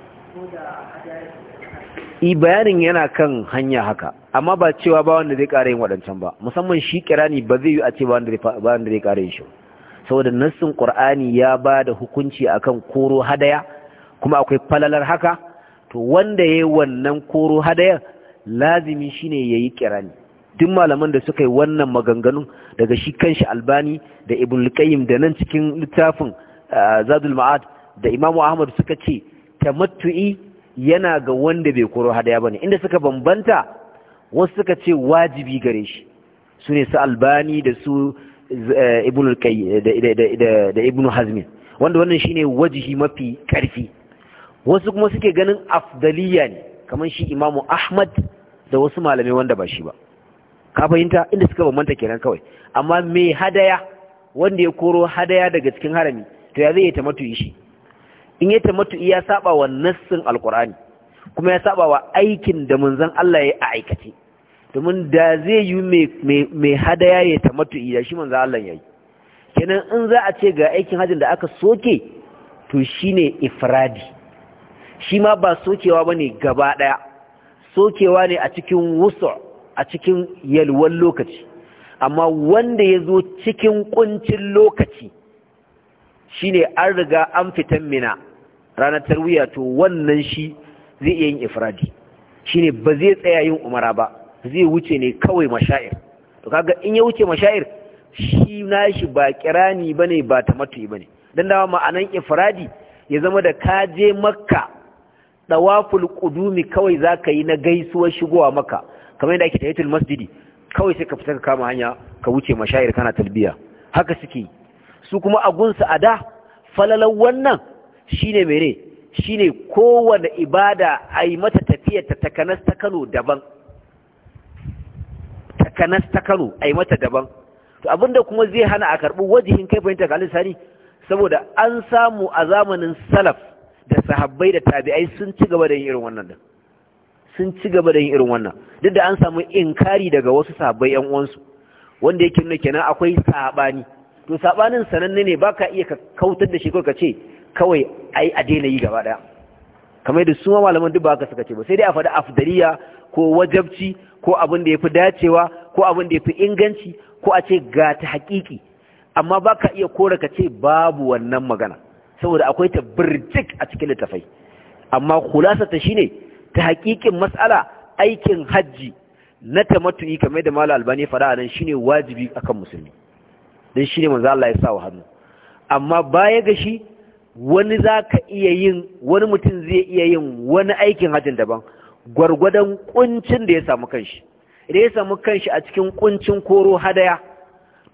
i bayanin yana kan hanya haka amma ba cewa ba wanda zai ƙara yin waɗancan ba musamman shi kirani ba zai yi a ce ba wanda zai ƙara yin shi saboda nassin ƙur'ani ya ba da hukunci akan koro hadaya kuma akwai falalar haka to wanda yayi wannan koro hadayar lazimi shine yayi kirani duk malaman da suka yi wannan maganganun daga shi kanshi albani da ibn da nan cikin littafin eh, zadul ma'ad da imamu ahmad suka ce tamattu'i yana ga wanda bai koro hadaya bane inda suka bambanta wasu suka ce wajibi gare shi su ne su albani da su eh, da ibn hazmin wanda wannan shine wajihi mafi karfi wasu kuma suke ganin afdaliya ne kamar shi imamu ahmad da wasu malamai wanda ba shi ba ka fahimta inda suka bambanta kenan kawai amma mai hadaya wanda ya koro hadaya daga cikin harami to ya zai yi tamattu'i shi in ya tamattu ya saba wa nassin alkur'ani kuma ya saba wa aikin da zan Allah ya a aikace domin da zai yi mai hadaya ya tamattu iya shi zan Allah ya yi kenan in za a ce ga aikin hajjin da aka soke to shine ifradi shi ma ba sokewa ba ne gaba ɗaya, sokewa ne a cikin wusu a cikin yalwan lokaci amma wanda ya zo cikin kuncin lokaci shine an riga an fitan mina ranar tarwiyya to wannan shi zai iya yin ifradi ne ba zai tsaya yin umara ba zai wuce ne kawai mashair to kaga in ya wuce mashair shi nashi ba kirani ba ne ba ta matu ba ne. dan dawa ma'anan ifradi ya zama da ka je makka dawaful qudumi kawai za ka yi na gaisuwar shigowa maka. kamar yadda ake tahiyatul masjidi kawai sai ka fita ka kama hanya ka wuce mashair kana talbiya haka suke su kuma agunsa a da falalan wannan shine mene shine kowane ibada a yi mata tafiyar ta takanas ta Kano daban takanas ta Kano a yi mata daban to abinda kuma zai hana a karɓi wajihin kai fahimta ga alisari saboda an samu a zamanin salaf da sahabbai da tabi'ai sun ci gaba da yin irin wannan sun ci gaba da yin irin wannan duk da an samu inkari daga wasu sahabbai yan uwansu wanda yake nuna kenan akwai sabani to sabanin sananne ne baka iya ka kautar da shi ko ka ce kawai ai a daina yi gaba daya kamar da su malaman duk ba haka suka ce ba sai dai a faɗi afdariya ko wajabci ko abin da ya fi dacewa ko abin da ya fi inganci ko a ce ga ta haƙiƙi amma baka iya kora ka ce babu wannan magana saboda akwai ta birjik a cikin littafai amma kulasa ta shine ta haƙiƙin mas'ala aikin hajji na tamattu'i kamar da malam albani fara nan shine wajibi akan musulmi dan shine manzo Allah ya sa wa hannu amma baya ga shi wani za ka iya yin wani mutum zai iya yin wani aikin hajjin daban gwargwadon kuncin da ya samu kanshi idan ya samu kanshi a cikin kuncin koro hadaya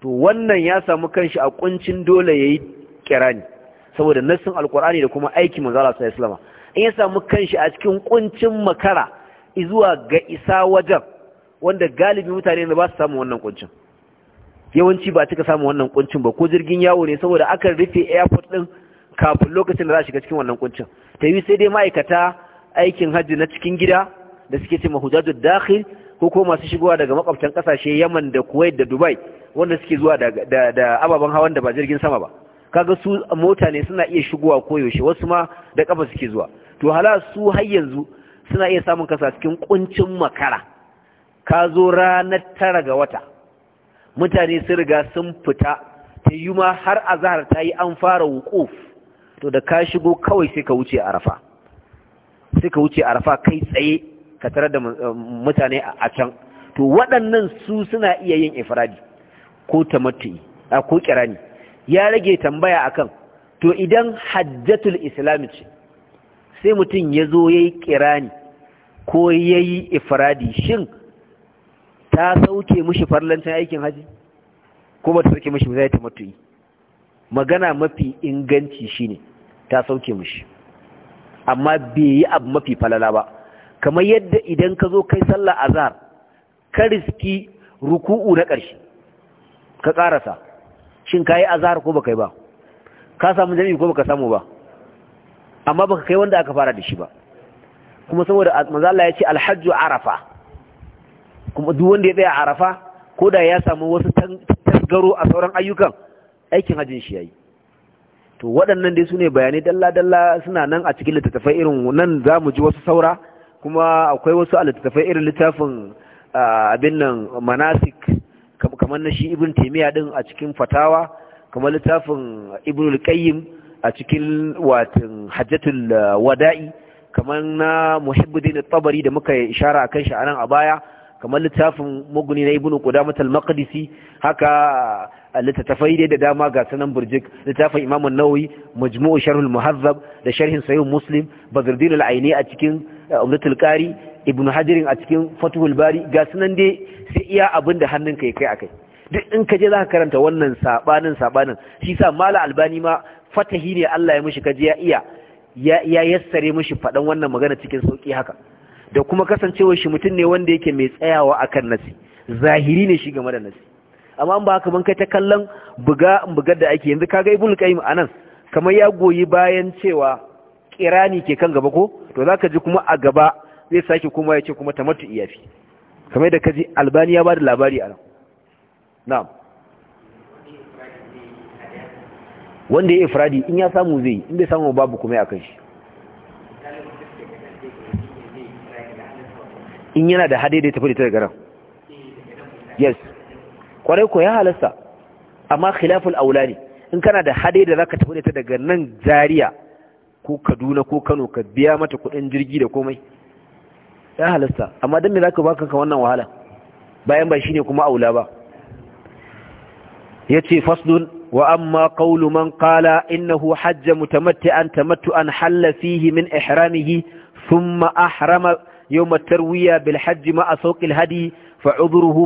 to wannan ya samu kanshi a kuncin dole ya yi kirani saboda nassin alkur'ani da kuma aiki manzala sa islama in ya samu kanshi a cikin kuncin makara zuwa ga isa wajen wanda galibi mutane da ba su samu wannan kuncin yawanci ba cika samun wannan kuncin ba ko jirgin yawo ne saboda akan rufe airport din kafin lokacin da za a shiga cikin wannan kuncin ta yi sai dai ma'aikata aikin hajji na cikin gida da suke ce mahujajul dakhil ko ko masu shigowa daga makwabtan kasashe Yaman da Kuwait da Dubai wanda suke zuwa da ababen hawan da ba jirgin sama ba kaga su mota ne suna iya shigowa koyaushe wasu ma da kafa suke zuwa to hala su har yanzu suna iya samun kasa cikin kuncin makara ka zo ranar tara ga wata mutane sun riga sun fita ta yi ma har azahar ta yi an fara wukuf to da ka shigo kawai sai ka wuce arafa sai ka wuce arafa kai tsaye ka tarar da eh, mutane a can to waɗannan su suna iya yin ifradi ko tamattu'i ko kirani ya rage tambaya akan to idan hajjatul islami ce sai mutum ya zo ya yi kirani ko ya yi ifradi shin ta sauke mushi farlancin aikin haji ko ba ta sauke mushi zai tamattu'i magana mafi inganci shine ta sauke mushi amma bai yi abu mafi falala ba kamar yadda idan ka zo kai sallah azhar ka riski ruku'u na ƙarshe ka ƙarasa shin ka yi azhar ko ba kai ba ka samu jami'i ko baka samu ba amma baka kai wanda aka fara da shi ba kuma saboda manzo ya ce alhajju arafa kuma duk wanda ya tsaya arafa ko da ya samu wasu tasgaro a sauran ayyukan aikin hajjin shi yayi to waɗannan dai sune bayanai dalla-dalla suna nan a cikin littattafai irin nan za mu ji wasu saura kuma akwai wasu a littattafai irin littafin abin nan manasik kamar na shi ibn taimiyya din a cikin fatawa kamar littafin ibn al-qayyim a cikin watin hajjatul wada'i kamar na muhibbuddin tabari da muka ishara kan shi a nan a baya kamar littafin muguni na ibn qudamah al-maqdisi haka littattafai dai da dama ga sanan burjik littafin imam an-nawawi majmu'u Sharhul muhazzab da sharhin sahih muslim badruddin al-aini a cikin uh, umdatul qari ibnu hajar a cikin fathul bari ga sanan dai sai iya abin da ya kai akai duk in ka je zaka karanta wannan sabanin sabanin shi sa mala albani ma fatahi ne Allah ya mishi kaje ya iya ya yassare mishi faɗan wannan magana cikin sauki haka da kuma kasancewar shi mutum ne wanda yake mai tsayawa akan nasi zahiri ne shi game da nasi amma ba haka mun kai ta kallon buga buga da ake yanzu kaga ibnu qayyim anan kamar ya goyi bayan cewa kirani ke kan gaba ko to zaka ji kuma a gaba zai sake kuma ya ce kuma tamattu iyafi kamar da kaji albani ya bada labari anan na'am wanda ya ifradi in ya samu zai in bai samu babu kuma ya kan shi in yana da hadai da tafi da ta garan yes kwarai ko ya halasta amma khilaful aula ne in kana da hade da zaka tafi da ta daga nan Zaria ko Kaduna ko Kano ka biya mata kuɗin jirgi da komai ya halasta amma dan me zaka baka ka wannan wahala bayan ba shine kuma aula ba yace faslun wa amma qawlu man qala innahu hajja mutamatti'an tamattu'an halla fihi min ihramihi thumma ahrama yawm at-tarwiya bil hajj ma'a sawqi al-hadi fa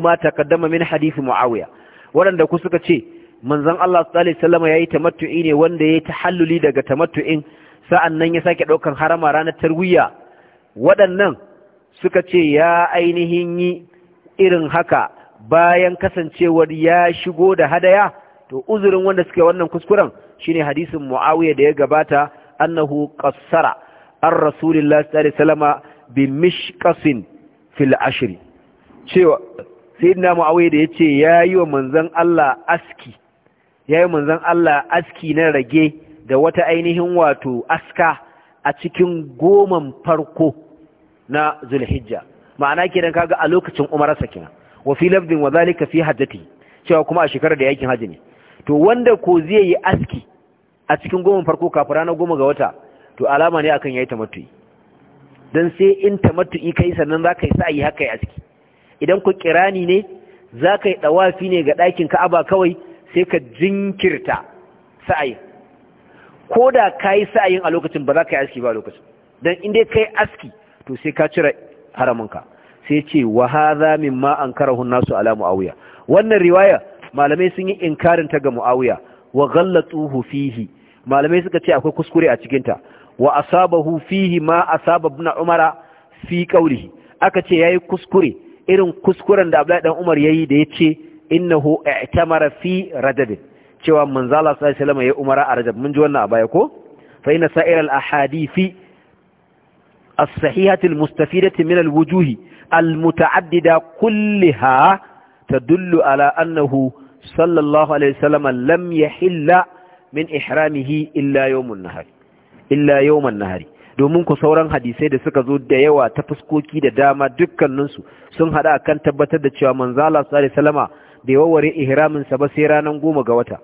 ma taqaddama min hadith muawiya waɗanda ku suka ce manzon Allah sallallahu alaihi wasallam yayi tamattu'i ne wanda yayi tahalluli daga tamattu'in sa'an nan ya sake ɗaukan harama ranar tarwiyya waɗannan suka ce ya ainihin yi irin haka bayan kasancewar ya shigo da hadaya to uzurin wanda suke wannan kuskuren shine hadisin muawiya da ya gabata annahu qassara ar rasulillahi sallallahu alaihi wasallama bi mishqasin fil ashri cewa na muawiya da ya yayi wa manzan Allah aski yayi manzan Allah aski na rage da wata ainihin wato aska a cikin goman farko na zulhijja ma'ana kenan kaga a lokacin umara sakina wa fi lafdin wa zalika fi hajjati cewa kuma a shekarar da yakin hajji ne to wanda ko zai yi aski a cikin goman farko kafin ranar goma ga wata to alama ne akan yayi tamattu'i dan sai in ka kai sannan zaka yi sa'i haka yi aski idan ku kirani ne za ka yi ɗawafi ne ga ɗakin ka'aba kawai sai ka jinkirta sa'ayi. ko da ka yi sa'ayin a lokacin ba za ka yi aski ba a lokacin don inda ka yi aski to sai ka cire haramunka. sai ce wa min ma an karahun nasu ala mu'awiya wannan riwaya malamai sun yi inkarin ta ga mu'awiya wa hu fihi malamai suka ce akwai kuskure a cikinta, ta wa asabahu fihi ma asaba ibn umara fi qawlihi aka ce yayi kuskure irin kuskuren da Abdullahi dan Umar yi da yace innahu i'tamara fi radad cewa manzo Allah sallallahu alaihi umara a radad mun ji wannan a baya ko fa ina sa'ir al ahadithi as-sahihah al mustafidah min al wujuh al mutaaddida kullaha tadullu ala annahu sallallahu alaihi wasallam lam yahilla min ihramihi illa yawm an domin ku sauran hadisai da suka zo da yawa ta fuskoki da dama dukkaninsu sun haɗa akan tabbatar da cewa manzala sallallahu alaihi bai warware ihramin sa ba sai ranar goma ga wata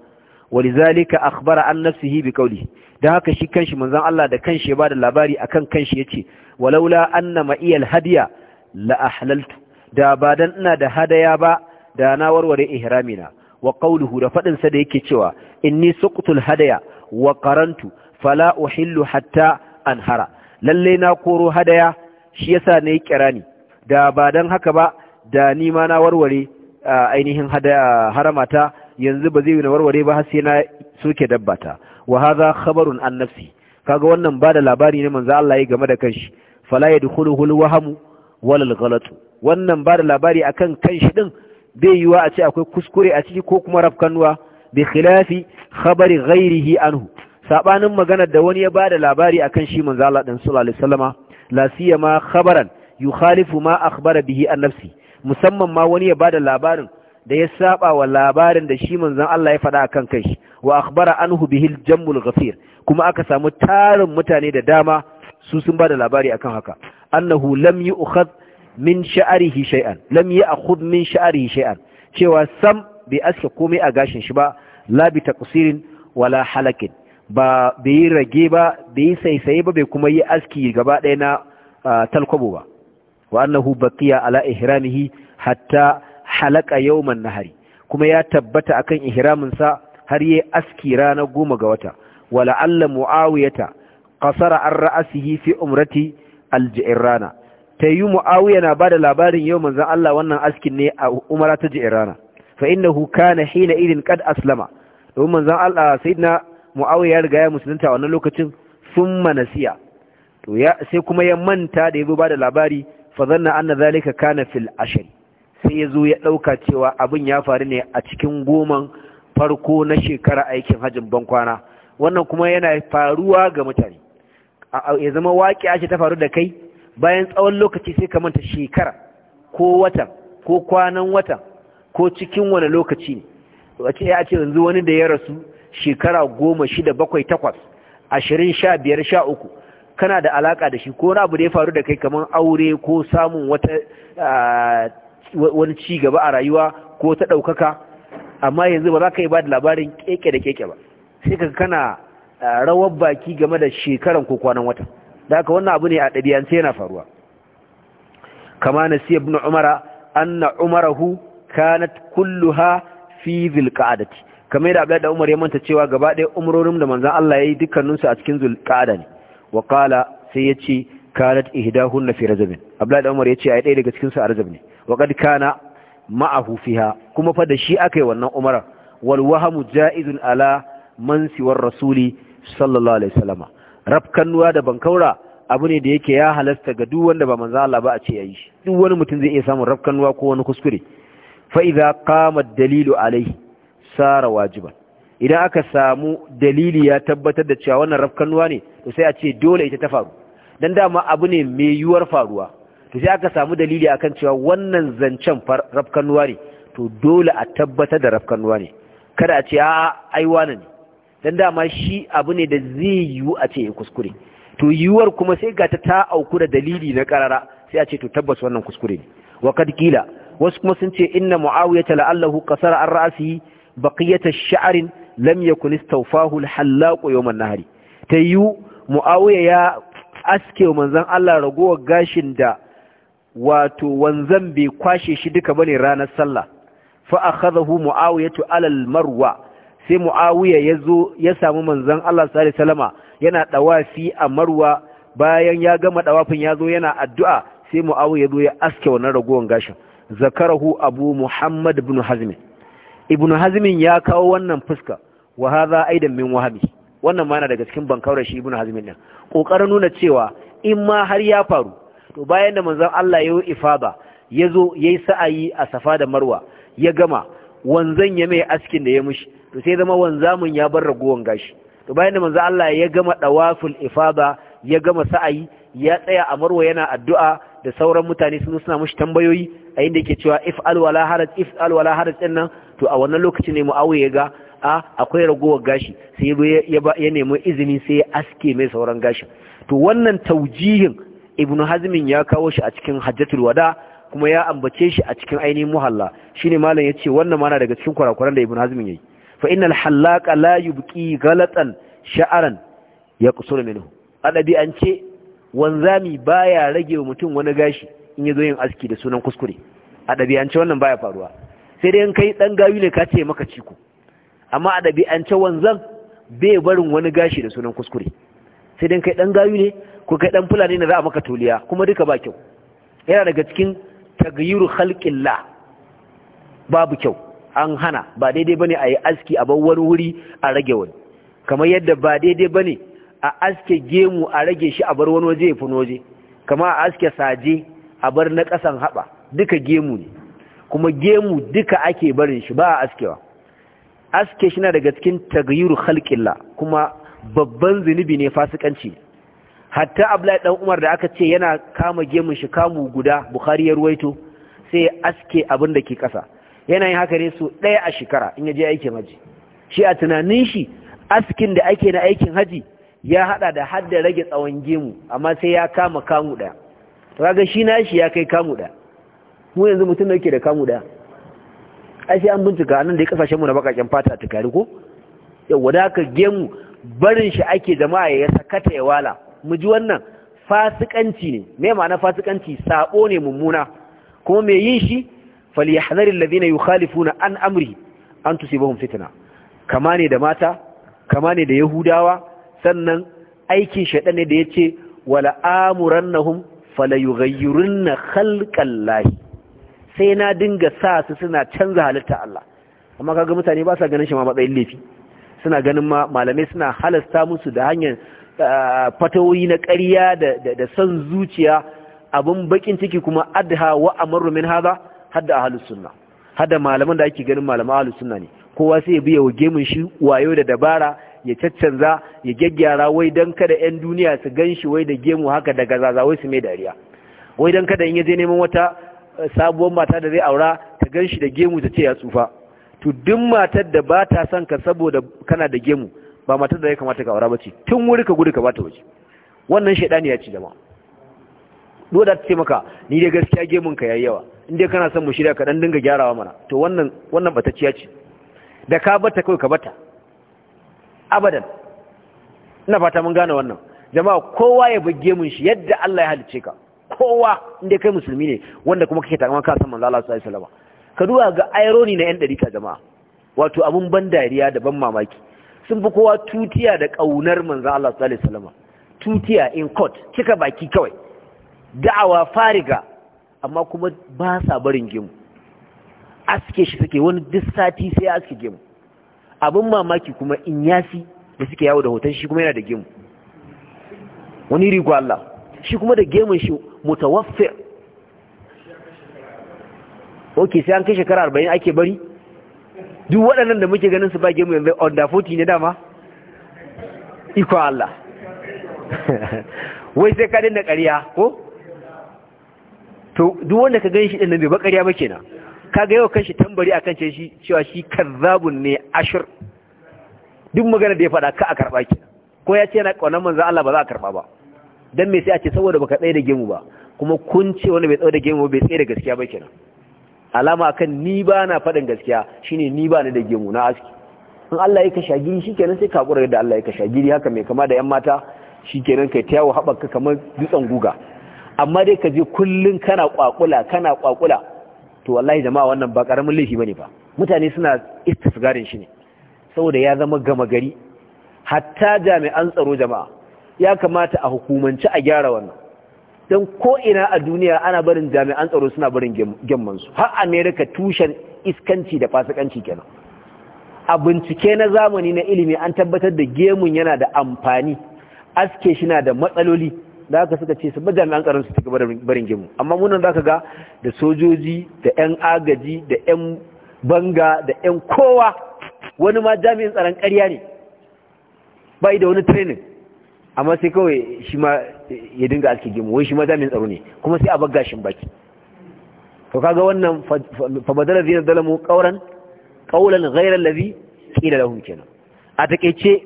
walizalika akhbara an nafsihi bi qawli dan haka shi kanshi Manzan Allah da kanshi ba da labari akan kanshi ya ce. walaula annama ma'iyal hadiya la ahlaltu da ba dan ina da hadaya ba da na warware ihramina wa qawluhu da fadin sa da yake cewa inni suqtul hadaya wa qarantu fala uhillu hatta anhara lalle na koro hadaya shi yasa ne ni da ba dan haka ba da ni ma na warware ainihin haramata yanzu ba zai yi na warware ba har sai na soke dabbata wa hadha khabarun an nafsi kaga wannan ba da labari ne manzo Allah ya game da kanshi fala yadkhuluhu wahamu wala alghalatu wannan ba da labari akan kanshi din bai yiwa a ce akwai kuskure a ciki ko kuma rafkanuwa bi khilafi khabari ghairihi anhu sabanin maganar da wani ya bada labari akan shi manzo Allah dan sallallahu alaihi wasallama la siyama khabaran ma akhbara bihi an nafsi musamman ma wani ya bada labarin da ya saba wa labarin da shi manzan Allah ya faɗa akan kai wa akhbara anhu bihi jammul ghafir kuma aka samu tarin mutane da dama su sun bada labari akan haka annahu lam yu'khadh min sha'rihi shay'an lam ya'khudh min sha'rihi shay'an cewa sam bai aske komai a gashin shi ba la bi taqsirin wala halakin ba bai yi rage ba bai yi saisaye ba bai kuma yi aski gaba ɗaya na talkwabo ba wa annahu baqiya ala ihramihi hatta halaka yawman nahari kuma ya tabbata akan ihramin sa har yi aski rana goma ga wata wala alla muawiyata qasara an ra'asihi fi umrati al ta yi muawiya na bada labarin yau manzon Allah wannan askin ne a umara ta ji'rana fa innahu kana hina idin qad aslama domin manzon Allah sayyidina mu'awiya ya riga ya musulunta wannan lokacin sun manasiya to ya sai kuma ya manta da ya zo ba labari fa zanna anna zalika kana fil ashr sai yazo ya dauka cewa abin ya faru ne a cikin goman farko na shekara aikin hajjin bankwana wannan kuma yana faruwa ga mutane ya zama wake ce ta faru da kai bayan tsawon lokaci sai ka manta shekara ko watan ko kwanan watan ko cikin wani lokaci ne a ce yanzu wani da ya rasu shekara goma shida bakwai takwas ashirin sha biyar sha uku kana da alaka da shi ko wani abu da ya faru da kai kamar aure ko samun wata ah, wani ci gaba a rayuwa ko ta ɗaukaka amma yanzu ba za ka yi ba da labarin keke da keke ba sai ka kana ah, rawar baki game da shekaran ko kwanan wata da haka wannan abu ne a ɗabiyance yana faruwa kama na siya bin umara anna umarahu kanat kulluha fi adati kamar da Abdullahi da Umar ya manta cewa gaba ɗaya umrorin da manzan Allah ya yi dukkaninsu a cikin zulƙada ne wa qala sai yace kanat hunna fi razabin Abdullahi da Umar a yi ɗaya daga cikinsu a razab ne wa kana ma'ahu fiha kuma fa da shi aka yi wannan umara wal wahamu ja'izun ala man siwar rasuli sallallahu alaihi wasallama nuwa da bankaura abu ne da yake ya halasta ga duk wanda ba manzan Allah ba a ce yayi duk wani mutum zai iya samun nuwa ko wani kuskure fa idza qama ad-dalilu alaihi sara wajiban idan aka samu dalili ya tabbatar da cewa wannan rafkanuwa ne to sai a ce dole ita ta faru dan dama abu ne mai yiwuwar faruwa to sai aka samu dalili akan cewa wannan zancen rafkanuwa ne to dole a tabbatar da rafkanuwa ne kada a ce a aiwa ne dan dama shi abu ne da zai yiwu a ce ya kuskure to yiwuwar kuma sai ga ta ta auku da dalili na karara sai a ce to tabbas wannan kuskure ne wa kad kila wasu kuma sun ce inna muawiyata la'allahu qasara ar rasi baqiyata sha'rin lam yakun istawfahu al-hallaq yawm an-nahri tayu muawiya ya aske manzon Allah ragowar gashin da wato wanzan bai kwashe shi duka bane ranar sallah fa akhadahu muawiyatu ala al-marwa sai muawiya yazo ya samu manzon Allah sallallahu alaihi wasallama yana dawafi a marwa bayan ya gama dawafin zo yana addu'a sai muawiya yazo ya aske wannan ragowar gashin zakarahu abu muhammad ibn hazmin. ibnu hazmin ya kawo wannan fuska wa hadha aidan min wahmi wannan ma yana daga cikin bankaurar shi ibnu hazmin din kokarin nuna cewa in ma har ya faru to bayan da manzon Allah ya yi ifada ya zo yayi sa'ayi a safa da marwa ya gama wanzan ya mai askin da ya mushi to sai zama wanzamin ya bar ragowan gashi to bayan da manzon Allah ya gama dawaful ifaba ya gama sa'ayi ya tsaya a marwa yana addu'a da sauran mutane sun suna mushi tambayoyi a inda yake cewa if alwala haraj if alwala haraj din nan to a wannan lokacin ne ya ga a akwai ragowar gashi sai ya nemi izini sai ya aske mai sauran gashi to wannan taujihin ibnu hazmin ya kawo shi a cikin hajjatul wada kuma ya ambace shi a cikin ainihin muhalla shine malam yace wannan mana daga cikin kurakuran da ibnu hazmin yayi fa innal halaka la yubqi ghalatan sha'ran yaqsuru minhu adabi an ce wanzami baya rage wa mutum wani gashi in yazo yin aski da sunan kuskure a ɗabi'ance wannan baya faruwa sai dai in kai ɗan gawi ne ka ce maka ciko amma a ɗabi'ance wanzan bai barin wani gashi da sunan kuskure sai dai kai ɗan gawi ne ko kai dan fulani ne za a maka toliya kuma duka ba kyau yana daga cikin tagyiru halƙilla babu kyau an hana ba daidai bane a yi aski a bar wani wuri a rage wani kamar yadda ba daidai bane a aske gemu a rage shi a bar wani waje ya fi waje kama a aske saje a bar na ƙasan haɓa duka gemu ne kuma gemu duka ake barin shi ba a askewa aske shi na daga cikin tagayyuru halƙilla kuma babban zunubi ne fasikanci hatta abdullahi ɗan umar da aka ce yana kama gemun shi kamu guda bukari ya ruwaito sai ya aske abin da ke ƙasa yana yin haka ne su ɗaya a shekara in ya je aikin haji shi a tunanin shi askin da ake na aikin haji ya haɗa da hadda rage tsawon gemu amma sai ya kama kamu ɗaya raga shi na shi ya kai kamu da mu yanzu mutum da yake da kamu da ai sai an bincika nan da kasashen mu na bakakken fata tukari ko yawa da aka gemu barin shi ake jama'a ya sakata ya wala mu ji wannan fasikanci ne me ma'ana fasikanci sabo ne mummuna kuma me yin shi falyahdharil ladina yukhalifuna an amri an tusibahum fitna kama ne da mata kama ne da yahudawa sannan aikin shaɗa ne da yace wala amurannahum falayughayyirunna khalqallahi sai na dinga sa su suna canza halitta Allah amma kaga mutane ba sa ganin shi ma matsayin laifi suna ganin ma malamai suna halasta musu da hanyar ah, fatawoyi na ƙarya da son zuciya abun bakin ciki kuma adha wa amru min hadha hadda ahlus sunna hadda malaman da ake ganin malaman ahlus sunna ne kowa sai ya biya wa gemun shi wayo da dabara ya caccanza ya gyaggyara wai don kada 'yan duniya su gan shi wai da gemu haka daga zazawai wai su mai dariya wai don kada in ya je neman wata eh, sabuwar mata da zai aura ta gan shi da gemu ta ce ya tsufa to duk matar da ba ta son ka saboda kana da gemu ba matar da ya kamata ka aura ba ce tun wuri ka gudu ka ba ta waje wannan shaidani ya ci jama'a dole ta ce maka ni dai gaskiya gemun ka yayi yawa in dai kana son mu shirya ka dan dinga gyarawa mana to wannan wannan batacciya ce da ka bata kawai ka bata abadan ina fata mun gane wannan jama'a kowa ya bugge mun shi yadda Allah ya halice ka kowa inda kai musulmi ne wanda kuma kake takama ka san manzo Allah sallallahu alaihi wasallam ka duba ga irony na yan ka jama'a wato abun ban dariya da ban mamaki sun fi kowa tutiya da kaunar manzo Allah sallallahu alaihi wasallam tutiya in court Kika baki kawai da'awa fariga amma kuma ba sa barin gemu aske shi suke wani duk sati sai aske gemu abin mamaki kuma in yasi da suke yawo da hoton shi kuma yana da gemu wani riko Allah shi kuma da gemun shi mutawaffi ok sai an kai shekara arba'in ake bari duk waɗannan da muke ganin su ba gemu yanzu under 40 ne dama iko Allah wai sai ka dinda ƙarya ko to duk wanda ka gani shi ɗin nan bai ba ƙarya ba kenan kaga yau kanshi tambari akan ce shi cewa shi kazzabun ne ashir duk magana da ya faɗa ka a karɓa ki ko ya ce yana ƙaunar manzan Allah ba za a karɓa ba dan me sai a ce saboda baka tsaye da gemu ba kuma kun ce wani bai tsaye da gemu bai tsaye da gaskiya ba kenan alama akan ni ba na faɗin gaskiya shine ni ba ni da gemu na aski in Allah ya ka shagiri shikenan sai ka kura da Allah ya ka giri. haka mai kama da yan mata shikenan kai tayawo haɓaka kamar dutsen guga amma dai ka je kullun kana kwakula kana kwakula to wallahi jama'a wannan ba karamin laifi bane fa mutane suna istifgarin shi ne saboda ya zama gama gari hatta jami'an tsaro jama'a ya kamata a hukumance a gyara wannan don ko ina a duniya ana barin jami'an tsaro suna barin su har america tushen iskanci da fasakanci kenan a bincike na zamani na ilimi an tabbatar da gemun yana da amfani aske shi na da matsaloli da aka suka ce su ba jami'an tsaron su cigaba barin gemu amma munan za ka ga da sojoji da 'yan agaji da 'yan banga da 'yan kowa wani ma jami'in tsaron ƙarya ne ba da wani training amma sai kawai shi ma ya dinga aski gemu wai shi ma jami'in tsaro ne kuma sai a bagga shi baki to kaga wannan fa badala zina dalamu qawlan qawlan ghayra allazi qila lahum kenan a takeice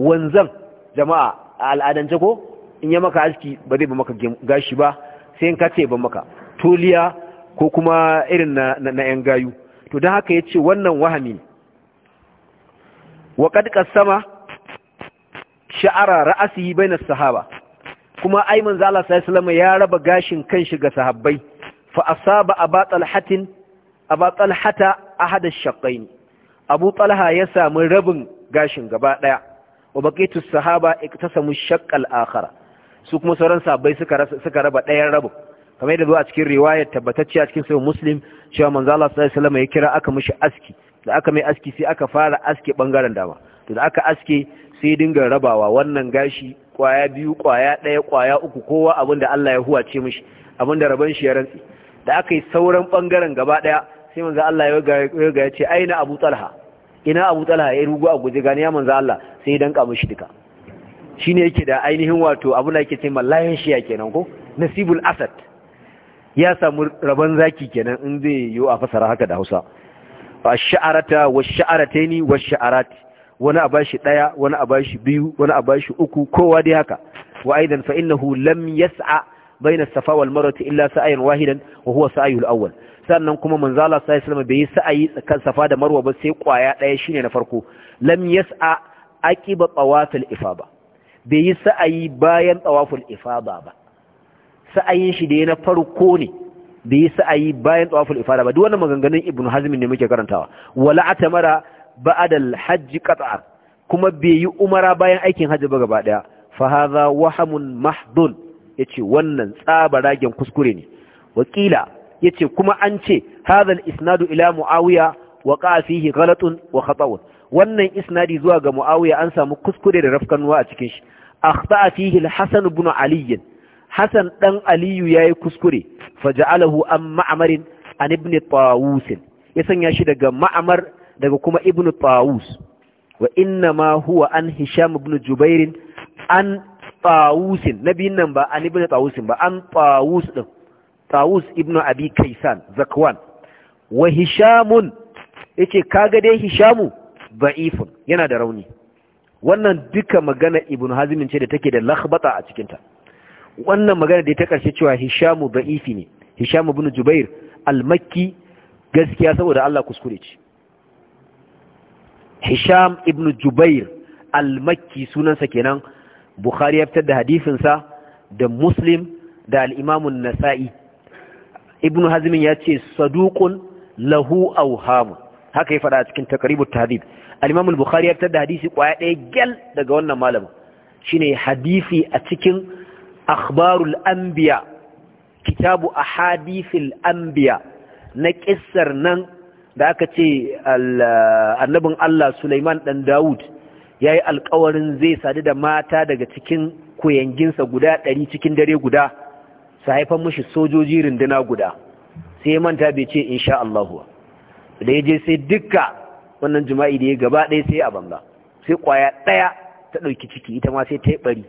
wanzan jama'a a al'adance ko in ya maka aski ba zai ba maka gashi ba sai in kace ba maka toliya ko kuma irin na na yan gayu to dan haka yace wannan wahami wa kad qasama sha'ara ra'asihi bainas sahaba kuma ai manzo Allah sallallahu alaihi ya raba gashin shi ga sahabbai fa asaba abatal hatin abatal hata ahad ash shaqayn abu talha ya samu rabin gashin gaba daya wa baqitu sahaba iktasamu shaqqal akhara su kuma sauran sabai suka raba ɗayan rabin kamar yadda zuwa cikin riwayar tabbatacce a cikin sahih muslim cewa manzo Allah ya kira aka mishi aski da aka mai aski sai aka fara aske bangaren dama to da aka aske sai dinga rabawa wannan gashi kwaya biyu kwaya ɗaya kwaya uku kowa abinda Allah ya huwace mishi abinda raban shi ya rantsi da aka yi sauran bangaren gaba ɗaya sai manzo Allah ya ga ya ce aina Abu Talha ina Abu Talha ya rugu a guje gani ya manzo Allah sai ya danka mishi duka shine yake da ainihin wato abuna yake ce mallayan shiya kenan ko nasibul asad ya samu rabon zaki kenan in zai yi a fasara haka da Hausa A shaarata wash-sha'arataini wa shaarati wani a bashi daya wani a bashi biyu wani a bashi uku kowa dai haka wa aidan fa innahu lam yas'a bayna safa wal marwa illa sa'yan wahidan wa huwa sa'yul awwal sannan kuma manzo Allah sallallahu alaihi wasallam bai yi sa'ayi tsakan safa da marwa ba sai kwaya daya shine na farko lam yas'a aqiba tawafil ba. bai yi sa'ayi bayan tsawaful ifada ba sa'ayin shi da ya na farko ne bai yi sa'ayi bayan tsawaful ifada ba duk wannan maganganun ibnu hazmin ne muke karantawa wala ba'a da hajji qat'a kuma bai yi umara bayan aikin hajji ba gaba daya fa wahamun mahdun yace wannan tsaba ragen kuskure ne wakila yace kuma an ce hadha al-isnadu ila muawiya wa ƙafihi fihi wa khata'un wannan isnadi zuwa ga muawiya an samu kuskure da rafkanuwa a cikin shi akhta'a fihi al-hasan ibn ali hasan dan aliyu yayi kuskure faja'alahu an ma'mar an ibn tawus ya sanya shi daga ma'mar daga kuma ibn tawus wa inna ma huwa an hisham ibn jubair an tawus nabi nan ba an ibn tawus ba an tawus din tawus ibn abi kaysan zakwan wa hishamun yace kaga dai hishamu Ba'ifin yana da rauni wannan duka magana ibn hazimin ce da take da lakhbata a cikinta wannan magana da ta karshe cewa hishamu ba'ifi ne hishamu ibn jubair al-makki gaskiya saboda Allah kuskure ce hisham ibn jubair al-makki sunansa kenan bukhari ya fitar da sa da muslim da al-imam an-nasa'i ibn hazimin ya ce saduqun lahu awham haka ya faɗa a cikin taqribut tahdid al-Imam al-Bukhari ya fitar da hadisi kwaya ɗaya gyal daga wannan malamin shine hadisi a cikin akhbarul anbiya kitabu ahadithil anbiya na kissar nan da aka ce annabin Allah Sulaiman dan Dawud yayi alkawarin zai sadu da mata daga cikin kuyanginsa guda ɗari cikin dare guda su haifan mishi sojoji runduna guda sai manta bai ce insha Allah da ya je sai duka. wannan jima'i da ya gaba ɗaya sai a banga sai ƙwaya ɗaya ta ɗauki ciki ita ma sai ta yi ɓari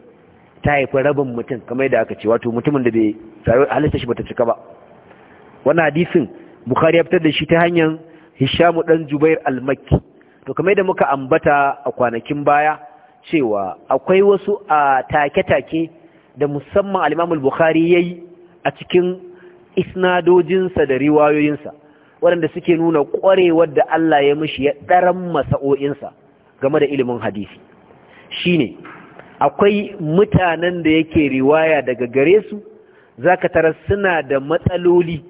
ta haifi rabin mutum kamar yadda aka ce wato mutumin da bai halitta shi bata cika ba wannan hadisin bukhari ya fitar da shi ta hanyar hishamu ɗan jubair al-makki to kamar yadda muka ambata a kwanakin baya cewa akwai wasu a take-take da musamman al-imam al-bukhari yayi a cikin isnadojinsa da riwayoyinsa waɗanda suke nuna ƙwarewar da Allah ya mishi ya ɗaran masa'o'insa game da ilimin hadisi Shi ne, akwai mutanen da yake riwaya daga gare su Za ka tara suna da matsaloli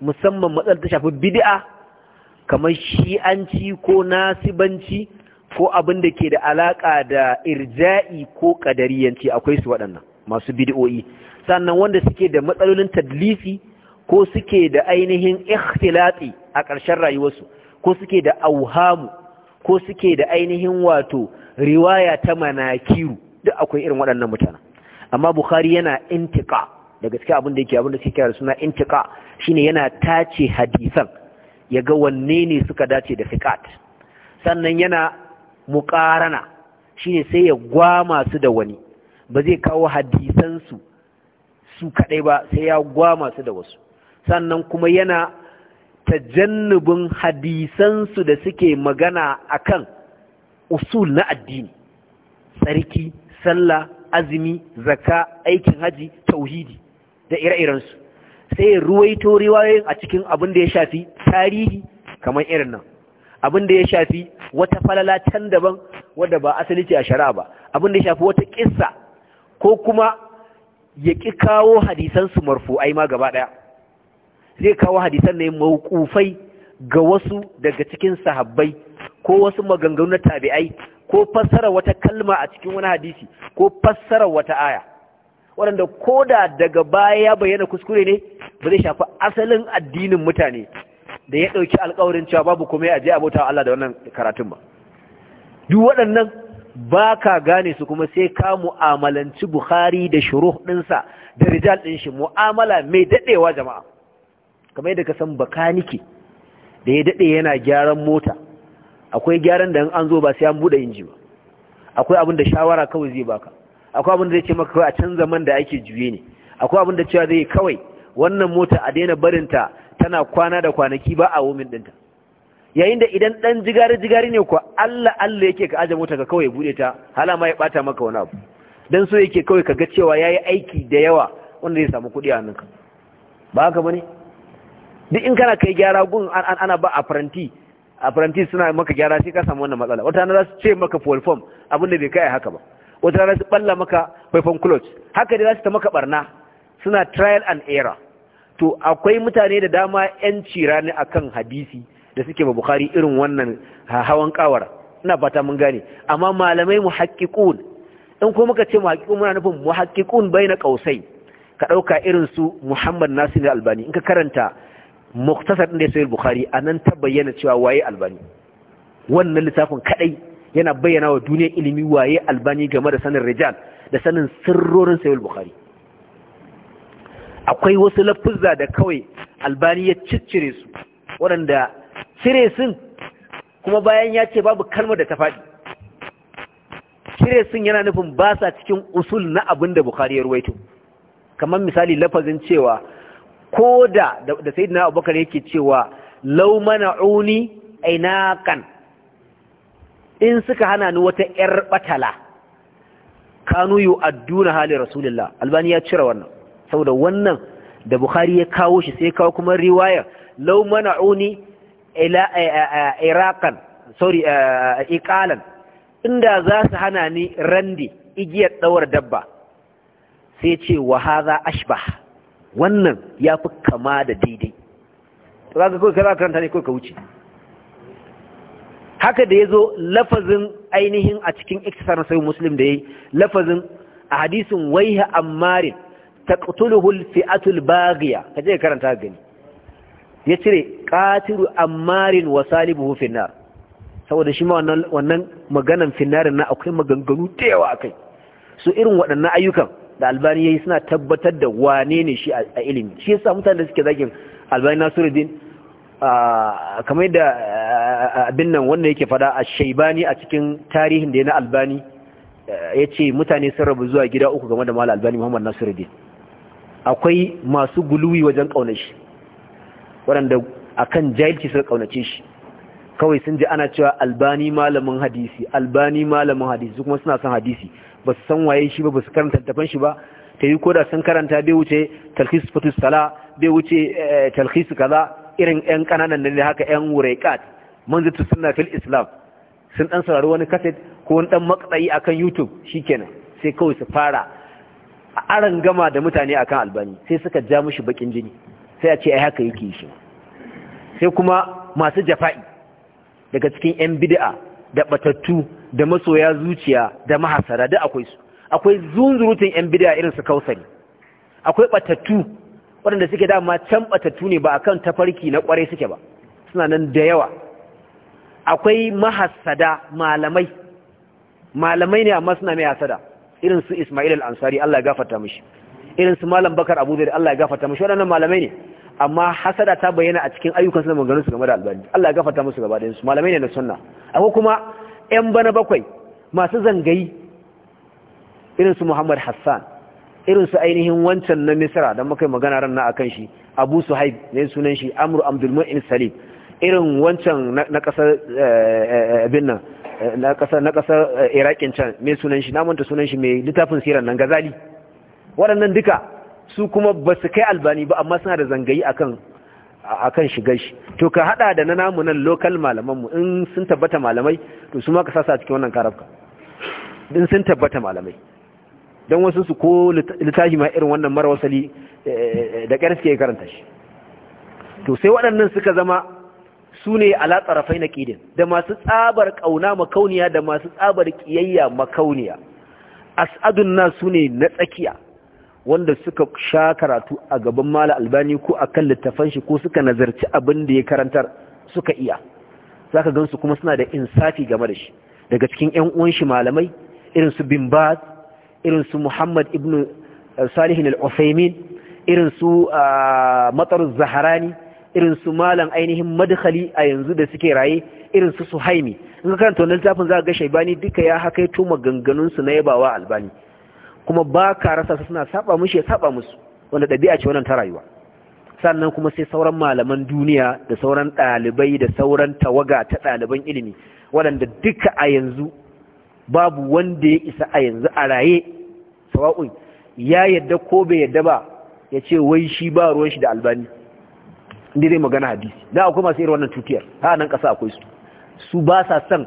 musamman matsalar ta shafi bid'a kamar shi'anci ko nasibanci ko abin da ke da alaƙa da irja'i ko ƙadariyanci akwai su waɗannan masu bid'o'i sannan wanda suke da matsalolin tadlisi ko suke da ainihin ikhtilati a ƙarshen rayuwarsu ko suke da auhamu ko suke da ainihin wato riwaya ta manakiru duk akwai irin waɗannan mutanen amma bukhari yana intiqa daga cikin abin da yake abin da suke kira suna intika shine yana tace hadisan ya ga wanne ne suka dace da fiqat sannan yana muqarana shine sai ya gwama su da wani ba zai kawo hadisan su su kadai ba sai ya gwama su da wasu sannan kuma yana tajannubin hadisansu da suke magana akan usul na addini tsarki sallah azumi zaka, aikin haji tauhidi da ire-irensu sai ruwaito riwayoyin a cikin abin da ya shafi tarihi kamar irin nan abin da ya shafi wata falala can daban wadda ba asali ce a shari'a ba abin da ya shafi wata kissa ko kuma ya ƙi kawo hadisansu marfu ai ma gaba ɗaya zai kawo hadisan ne makufai ga wasu daga cikin sahabbai ko wasu maganganu na tabi'ai ko fassara wata kalma a cikin wani hadisi ko fassara wata aya waɗanda da daga baya ya bayyana kuskure ne ba zai shafi asalin addinin mutane da ya ɗauki alkawarin cewa babu komai a je a bauta Allah da wannan karatun ba duk waɗannan ba ka gane su kuma sai ka mu'amalanci Bukhari da shuruh ɗinsa da rijal ɗin shi mu'amala mai daɗewa jama'a kamar yadda ka san bakanike da ya daɗe yana gyaran mota akwai gyaran da an zo ba sai an buɗe inji ba akwai abin da shawara kawai zai baka akwai abin da zai ce maka kawai a canza man da ake juye ne akwai abin da cewa zai kawai wannan mota a daina barinta tana kwana da kwanaki ba a womin ɗinta. yayin da idan dan jigari-jigari ne kuwa Allah Allah yake ka aje mota ka kawai buɗe ta hala ma ya bata maka wani abu dan so yake kawai ka ga cewa yayi aiki da yawa wanda zai samu kuɗi a hannunka ba haka bane duk in kana kai gyara gun ana ba a faranti a faranti suna maka gyara sai ka samu wannan matsala wata rana za su ce maka full form abin da bai kai haka ba wata rana su balla maka faifan clothes haka dai za su ta maka barna suna trial and error to akwai mutane da dama yan cira ne akan hadisi da suke ba bukhari irin wannan hawan kawar ina fata mun gane amma malamai muhaqqiqun in ko muka ce muhaqqiqun muna nufin muhaqqiqun baina qausai ka dauka irin su Muhammad Nasir Albani in ka karanta muktasar ɗin da sayar bukari a nan ta bayyana cewa waye albani wannan littafin kaɗai yana bayyana wa duniyar ilimi waye albani game da sanin rijal da sanin sirrorin sayar bukari akwai wasu lafuzza da kawai albani ya ciccire su waɗanda cire sun kuma bayan ya ce babu kalmar da ta faɗi cire sun yana nufin ba sa cikin usul na abin da bukari ya ruwaito kamar misali lafazin cewa ko da da sayyidina abubakar yake cewa law mana'uni kan in suka hana ni wata yar batala kanu adduna halin rasulullah albani ya cire wannan saboda wannan da bukhari ya kawo shi sai kawo kuma riwaya laumana uni ila iraqan sorry iqalan inda za su hana ni randi igiyar dawar dabba sai ce wa hadha ashbah wannan ya fi kama da daidai za ka kawai karanta ne kawai ka wuce haka da ya zo lafazin ainihin a cikin iktisar sai da ya yi lafazin a hadisin waiha ammarin taqtuluhul fi'atul ka je karanta gani ya cire katiru ammarin wa salibuhu finnar saboda shi ma wannan maganan finnarin na akwai maganganu da yawa akai su irin waɗannan ayyukan da albani suna tabbatar da wane ne shi a ilimi shi yasa mutane da suke zagin albani nasiruddin kamar da abin nan wanda yake fada a shaibani a cikin tarihin da ya na albani ya ce mutane sun rabu zuwa gida uku game da mala albani muhammad nasiruddin akwai masu guluwi wajen ƙaunar shi waɗanda kan jahilci suka kaunace shi kawai sun ji ana cewa albani malamin hadisi albani malamin hadisi kuma suna son hadisi ba su san waye shi ba ba su karanta tafan shi ba ta yi koda sun karanta bai wuce talhis fatus sala bai wuce eh, talhis kaza irin yan kananan da haka yan wuraikat manzatu sunna fil islam sun dan saurari wani kaset ko wani dan matsayi akan youtube shikenan sai kawai su fara aran gama da mutane akan albani sai suka ja mushi bakin jini sai a ce ai haka yake shi sai kuma masu jafa'i daga cikin yan bid'a da batattu da masoya zuciya da mahasara da akwai su akwai zunzurutun yan bid'a irin su kausari akwai batattu waɗanda suke dama can batattu ne ba akan tafarki na kwarai suke ba suna nan da yawa akwai mahasada malamai malamai ne amma suna mai hasada irin su Ismail al-Ansari Allah ya gafarta mishi irin su Malam Bakar Abu Dhabi Allah ya gafarta mishi waɗannan malamai ne amma hasada ta bayyana a cikin ayyukan su da maganganun su game da albani Allah ya gafarta musu gaba da su malamai ne na sunna akwai kuma 'yan bana bakwai masu zangayi irinsu muhammad hassan irinsu ainihin wancan na misra don muka magana ran na kan shi abu suhaib ne sunan shi Abdul abdulmu'in salim irin wancan na ƙasar eh, eh, eh, abin nan na ƙasar irakin can mai sunan shi namanta sunan shi mai littafin siran nan gazali waɗannan duka su kuma ba su kai albani ba amma suna da zangayi akan kan shigar shi to ka hada da na namu nan local malaman mu in sun tabbata malamai to su ma ka sasa cikin wannan karabka in sun tabbata malamai don wasu su ko littafi ma irin wannan mara wasali eh, eh, da ƙyar suke karanta shi to sai waɗannan suka zama su ne ala na ƙidin da masu tsabar ƙauna makauniya da masu tsabar ƙiyayya makauniya as'adun na su ne na tsakiya wanda suka sha karatu a gaban mala albani ko a kan littafan shi ko suka nazarci abin da ya karantar suka iya za ka gansu kuma suna da insafi game da shi daga cikin 'yan uwan shi malamai irin su bin baz irin su muhammad ibn eh, salihin al irin su ah, matsar zaharani irin su malam ainihin madkhali a yanzu da suke raye irin su suhaimi in ka karanta wannan littafin za ka ga shaibani duka ya hakaito maganganun su na yabawa albani kuma ba ka rasa su suna saba mushi ya saba musu wanda ɗabi'a ce wannan ta rayuwa sannan kuma sai sauran malaman duniya da sauran ɗalibai da sauran tawaga ta ɗaliban ilimi waɗanda duka a yanzu babu wanda ya isa a yanzu a raye sawa'un ya yadda ko bai yadda ba ya ce wai shi ba ruwan shi da albani inda zai magana hadisi na akwai masu irin wannan tutiyar ha nan ƙasa akwai su su ba sa son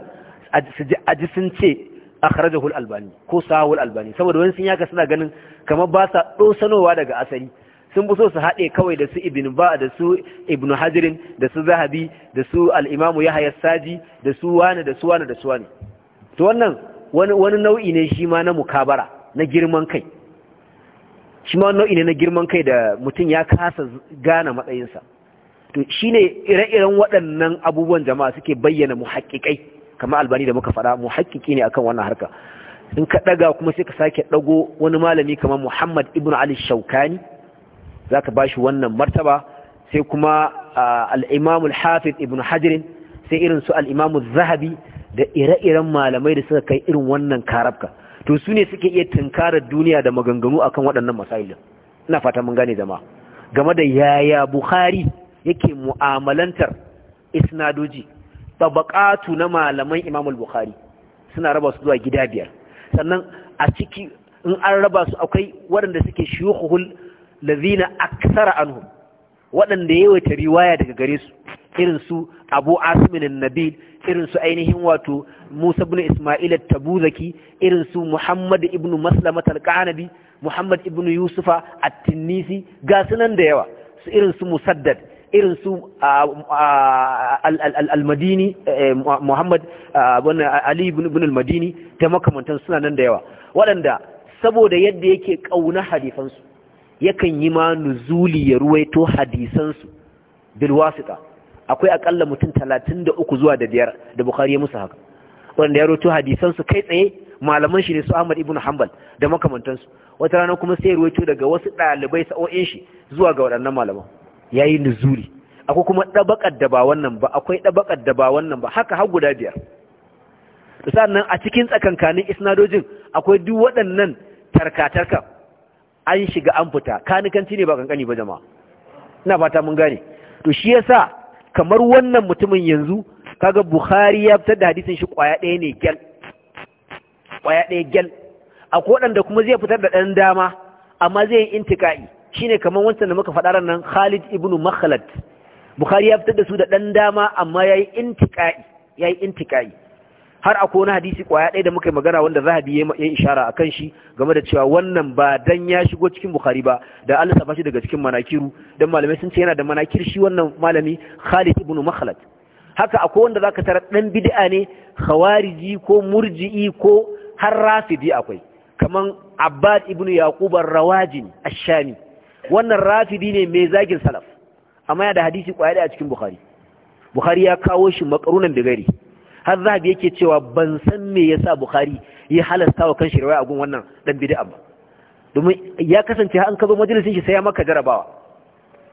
a ji sun ce akhrajahu al-albani ko sawu al-albani saboda wani sun yaka suna ganin kamar ba sa dosanowa daga asali sun fi so su haɗe kawai da su ibn ba da su ibn hajirin da su zahabi da su al imam yahya saji da su wani da su wani da su wani to wannan wani wani nau'i ne shi ma na mukabara na girman kai shi ma nau'i ne na girman kai da mutum ya kasa gane matsayinsa to shine ire-iren waɗannan abubuwan jama'a suke bayyana muhaƙiƙai kamar albani da muka faɗa mu haƙiƙi ne akan wannan harka in ka ɗaga kuma sai ka sake ɗago wani malami kamar muhammad ibn ali shaukani za ka ba shi wannan martaba sai kuma al'imamul hafiz ibn hajirin sai irin su al'imamul zahabi da ire-iren malamai da suka kai irin wannan karabka to su ne suke iya tunkarar duniya da maganganu akan waɗannan masailin ina fata mun gane zama game da yaya bukhari yake mu'amalantar isnadoji tabaqatu na malaman Imam al-Bukhari suna raba su zuwa gida biyar sannan a ciki in an raba su akwai waɗanda suke shuyukhul ladina aksara anhum waɗanda yawaita riwaya daga gare su irin su Abu Asim nabil irin su ainihin wato Musa ibn Isma'il at-Tabuzaki irin su Muhammad ibn Maslama al-Qanabi Muhammad ibn Yusufa at tinisi ga sunan da yawa su irin su Musaddad irin su al-madini muhammad ali ibn al-madini ta makamantan suna nan da yawa waɗanda saboda yadda yake ƙauna hadisansu yakan yi ma nuzuli ya ruwaito hadisansu bilwasita akwai akalla mutum talatin da uku zuwa da biyar da bukari ya musu haka wanda ya ruwaito hadisansu kai tsaye malaman shi ne su ahmad ibn hanbal da makamantansu wata rana kuma sai ruwaito daga wasu ɗalibai sa'o'in shi zuwa ga waɗannan malaman yayi nuzuri akwai kuma dabakar da ba wannan ba akwai dabakar da ba wannan ba haka har guda biyar sannan a cikin tsakankanin isnadojin akwai duk waɗannan tarkatarka an shiga an fita kanikanci ne ba kankani ba jama'a ina fata mun gane to shi yasa kamar wannan mutumin yanzu kaga Bukhari ya fitar da hadisin shi kwaya ɗaya ne gyal kwaya ɗaya gyal akwai waɗanda kuma zai fitar da ɗan dama amma zai yi intika'i. shine kamar wancan da muka faɗa ranar nan Khalid ibn Makhlad Bukhari ya fitar da su da ɗan dama amma intiƙa'i ya yi intiƙa'i har a kona hadisi ƙwaya ɗaya da muka yi magana wanda za Zahabi ya yi ishara kan shi game da cewa wannan ba dan ya shigo cikin Bukhari ba da Allah sa shi daga cikin manakiru dan malamai sun ce yana da manakir shi wannan malami Khalid ibn Makhlad haka akwai wanda ka tarar dan bid'a ne khawariji ko murji'i ko har rafidi akwai kaman Abbad ibn Yaqub ar-Rawajin ash-Shami wannan rafidi ne mai zagin salaf amma ya da hadisi kwaye da a cikin bukhari bukhari ya kawo shi makarunan bigari har zahabi yake cewa ban san me yasa bukhari ya halasta wa kanshi riwaya gun wannan dan bid'a ba domin ya kasance an kazo majalisin shi sai ya maka jarabawa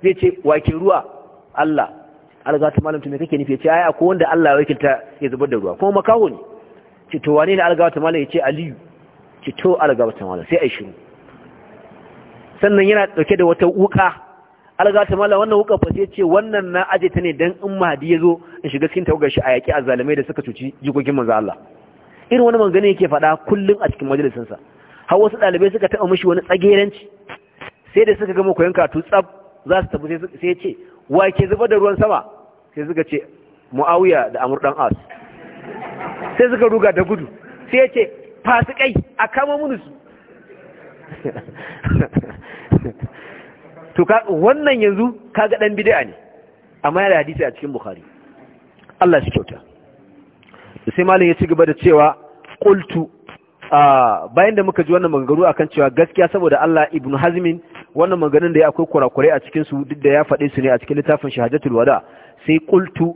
zai ce wake ruwa Allah Allah malam tun me kake nufi ya ce ai akwai wanda Allah ya wakilta ya zubar da ruwa kuma makaho ne ce to wane ne Allah malam ya ce Aliyu ce to Allah malam sai ai shiru sannan yana ɗauke da wata wuka algata mala wannan wuka fa sai ce wannan na aje ta ne dan in ya zo in shiga cikin tawagar shi a yaki da suka cuci jikokin manzo Allah irin wani mangane yake faɗa kullum a cikin majalisin sa har wasu ɗalibai suka taɓa mishi wani tsageranci sai da suka gama koyon katu tsab za su tafi sai ce wa ke zuba da ruwan sama sai suka ce muawiya da amur dan as sai suka ruga da gudu sai ya ce fasikai a kama munusu tuka wannan yanzu kaga dan bid'a ne amma yana hadisi a cikin bukhari Allah shi kyauta sai malam ya ci gaba da cewa qultu bayan da muka ji wannan maganganu akan cewa gaskiya saboda Allah ibn hazmin wannan maganganun da ya akwai kurakurai a cikin su duk da ya faɗi su ne a cikin littafin shahadatul wada sai qultu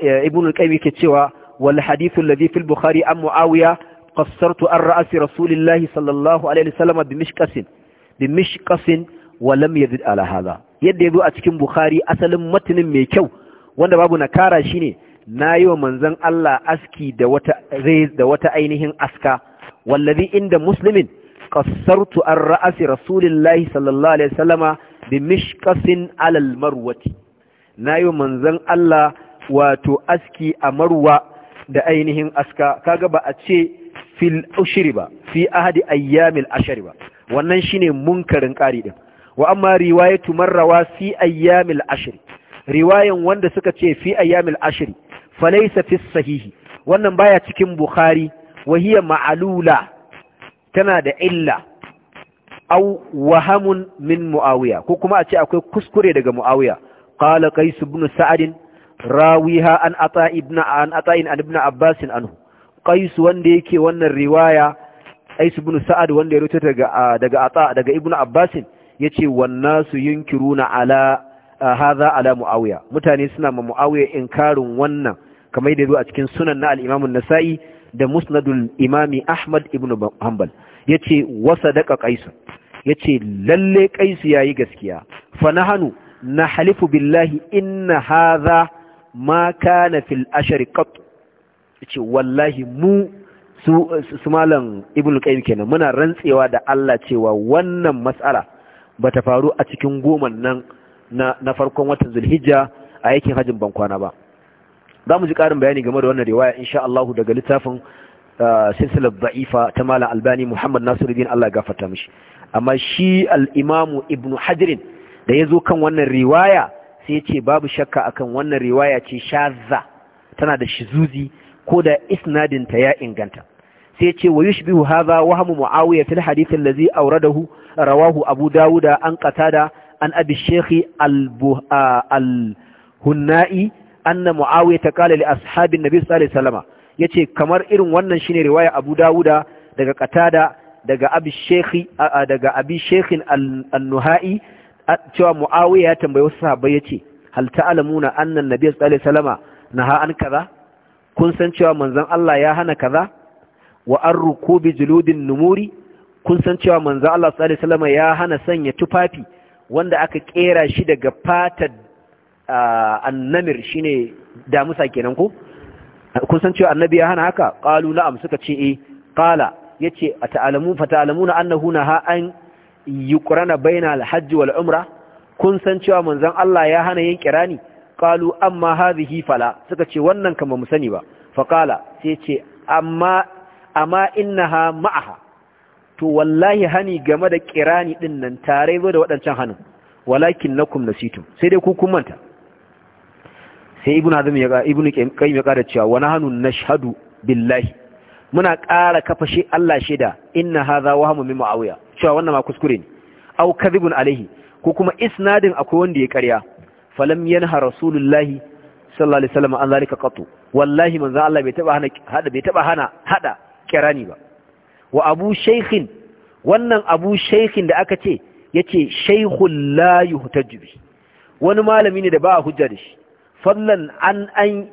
ibn al-qayyim yake cewa wal hadithu alladhi fil bukhari an muawiya qassartu an ra'asi rasulillahi sallallahu alaihi wasallam bi mishqasin bi mishqasin wa lam yazid ala hadha yadda a cikin bukhari asalin matanin mai kyau wanda babu nakara shine nayi wa manzon Allah aski da wata ainihin aska wallazi inda muslimin qassartu an ra'asi rasulillahi sallallahu alaihi wasallama bi mishqasin ala almarwati nayi wa manzon Allah wato aski a da ainihin aska kaga ba a ce fil ushri ba fi ahadi ayyamil ashri ba wannan shine munkarin qari din wa amma riwayatu marrawa fi ayyamil ashri riwayan wanda suka ce fi ayyamil ashri falaysa fi sahihi wannan baya cikin bukhari wa hiya ma'lula tana da illa aw wahamun min muawiya ko kuma a ce akwai kuskure daga muawiya qala qais ibn sa'd rawiha an ata ibn an ata ibn abbas anhu qais wanda yake wannan riwaya qais ibn sa'ad wanda ya rawaito daga daga ata daga ibn abbas yace wannasu yunkiruna ala hadha ala muawiya mutane suna ma muawiya inkarin wannan kamar yadda zo a cikin sunan na al-imam an-nasa'i da musnadul imami ahmad ibn hanbal yace wasadaka qais yace lalle qais yayi gaskiya fa na nahlifu billahi inna hadha ma kana fil ashri qat ce wallahi mu su malam ibnu qayyim kenan muna rantsewa da Allah cewa wannan mas'ala bata faru a cikin goma nan na na farkon watan zulhijja a yakin hajjin bankwana ba za mu ji karin bayani game da wannan riwaya insha Allah daga littafin uh, silsilar da'ifa ta malam albani muhammad nasiruddin Allah gafarta mishi amma shi al-imamu ibnu hajirin da ya zo kan wannan riwaya sai ce babu shakka akan wannan riwaya ce shazza tana da shizuzi ko da isnadinta ya inganta sai ce wa yushbihu hadha wahmu muawiya fil hadith allazi awradahu rawahu abu dawuda an qatada an abi shaykh al hunnai anna muawiya ta qala li ashabin nabi sallallahu alaihi wasallam yace kamar irin wannan shine riwaya abu dawuda daga qatada daga abi shaykh daga abi shaykh al-nuhai cewa muawiya ya tambaye wasu sahabbai yace hal ta'lamuna anna an-nabiy sallallahu alaihi wasallam naha an kaza kun san cewa manzan Allah ya hana kaza wa an rukubi juludin numuri kun san cewa manzan Allah sallallahu alaihi wasallam ya hana sanya tufafi wanda aka kera shi daga fatar annamir shine damusa kenan ko kun san cewa annabi ya hana haka qalu la'am suka ce eh qala yace ata'alamu fata'alamuna annahu naha an yuqrana bainal al-hajj wal umra kun san cewa manzan Allah ya hana yin kirani qalu amma hadhihi fala suka ce wannan kan mu sani ba fa qala sai ce amma amma innaha ma'aha to wallahi hani game da kirani din nan tare zo da waɗancan hanu walakin nakum nasitum sai dai ku kun manta sai ibnu ya ga ibnu qayyim ya kada cewa wa nahnu nashhadu billahi muna ƙara kafa shi Allah shaida inna hadha wahmu min muawiya cewa wannan ma kuskure ne aw kadhibun alaihi ko kuma isnadin akwai wanda ya karya? falam yanha rasulullahi sallallahu alaihi wasallam an zalika qatu wallahi manzo Allah bai taba hana hada bai taba hana hada kirani ba wa abu shaykhin wannan abu shaykhin da aka ce yace shaykhul la yuhtaj bi wani malami ne da ba hujja da shi fadlan an an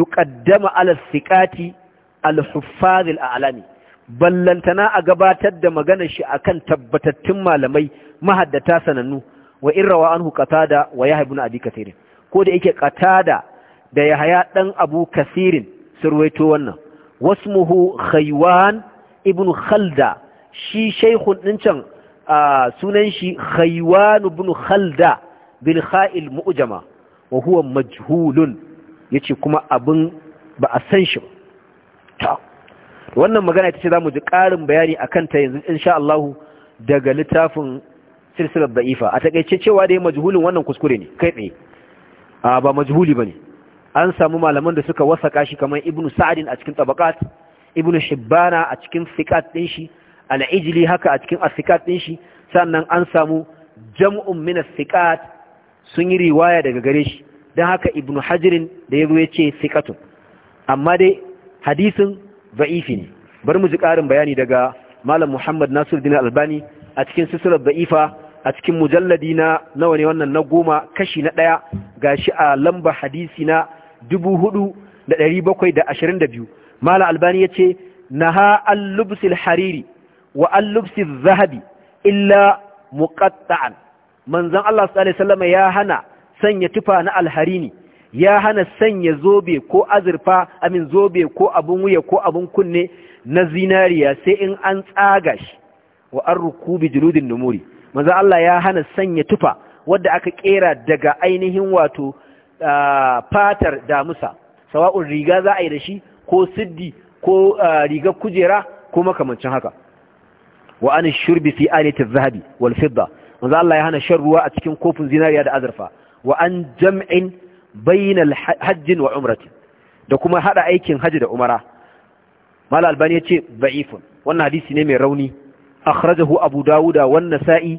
yuqaddama ala thiqati al-huffaz al-a'lami ballantana a gabatar da maganar shi akan tabbatattun malamai mahaddata sanannu wa irrawa anhu qatada wa yahya ibn abi kathir ko da yake qatada da yahya dan abu kathir surwaito wannan wasmuhu khaywan ibn khalda shi shaykhun din can sunan shi khaywan ibn khalda bil kha'il mu'jama wa huwa majhulun yace kuma abin ba a san shi ba wannan magana ita ce zamu ji ƙarin bayani a kanta yanzu insha Allah daga littafin silsilar da'ifa a takaice cewa da ya majhulin wannan kuskure ne kai tsaye a ba majhuli ne an samu malaman da suka wasa kashi kamar ibnu sa'adin a cikin tabakat ibnu shibbana a cikin fikat ɗin shi alijili haka a cikin as ɗin shi sannan an samu jam'un min as sun yi riwaya daga gare shi don haka ibnu hajirin da ya ya ce fikatun amma dai hadisin ba'ifi ne bar mu ji ƙarin bayani daga malam muhammad Nasiru dina albani a cikin sisirar da'ifa a cikin mujalladi na nawa ne wannan na goma kashi na ɗaya ga shi a lamba hadisi na dubu hudu da ɗari bakwai da ashirin da biyu mala albani ya ce na ha allubsil hariri wa allubsil zahabi illa muqatta'an Manzan Allah sallallahu ya hana sanya tufa na alharini ya hana sanya zobe ko azurfa amin zobe ko abin wuya ko abin kunne na zinariya sai in an tsaga shi wa an rukubi juludin numuri Maza Allah ya hana sanya tufa wadda aka kera daga ainihin wato fatar damusa sawa'un riga za a yi da shi ko siddi ko riga kujera ko makamancin haka wa an shurbi fi alati zahabi wal fidda Maza Allah ya hana shan ruwa a cikin kofin zinariya da azurfa wa an jam'in bainal hajjin wa umrati da kuma hada aikin haji da umara mal albani yace da'ifun wannan hadisi ne mai rauni akhrajahu abu dawuda wan nasa'i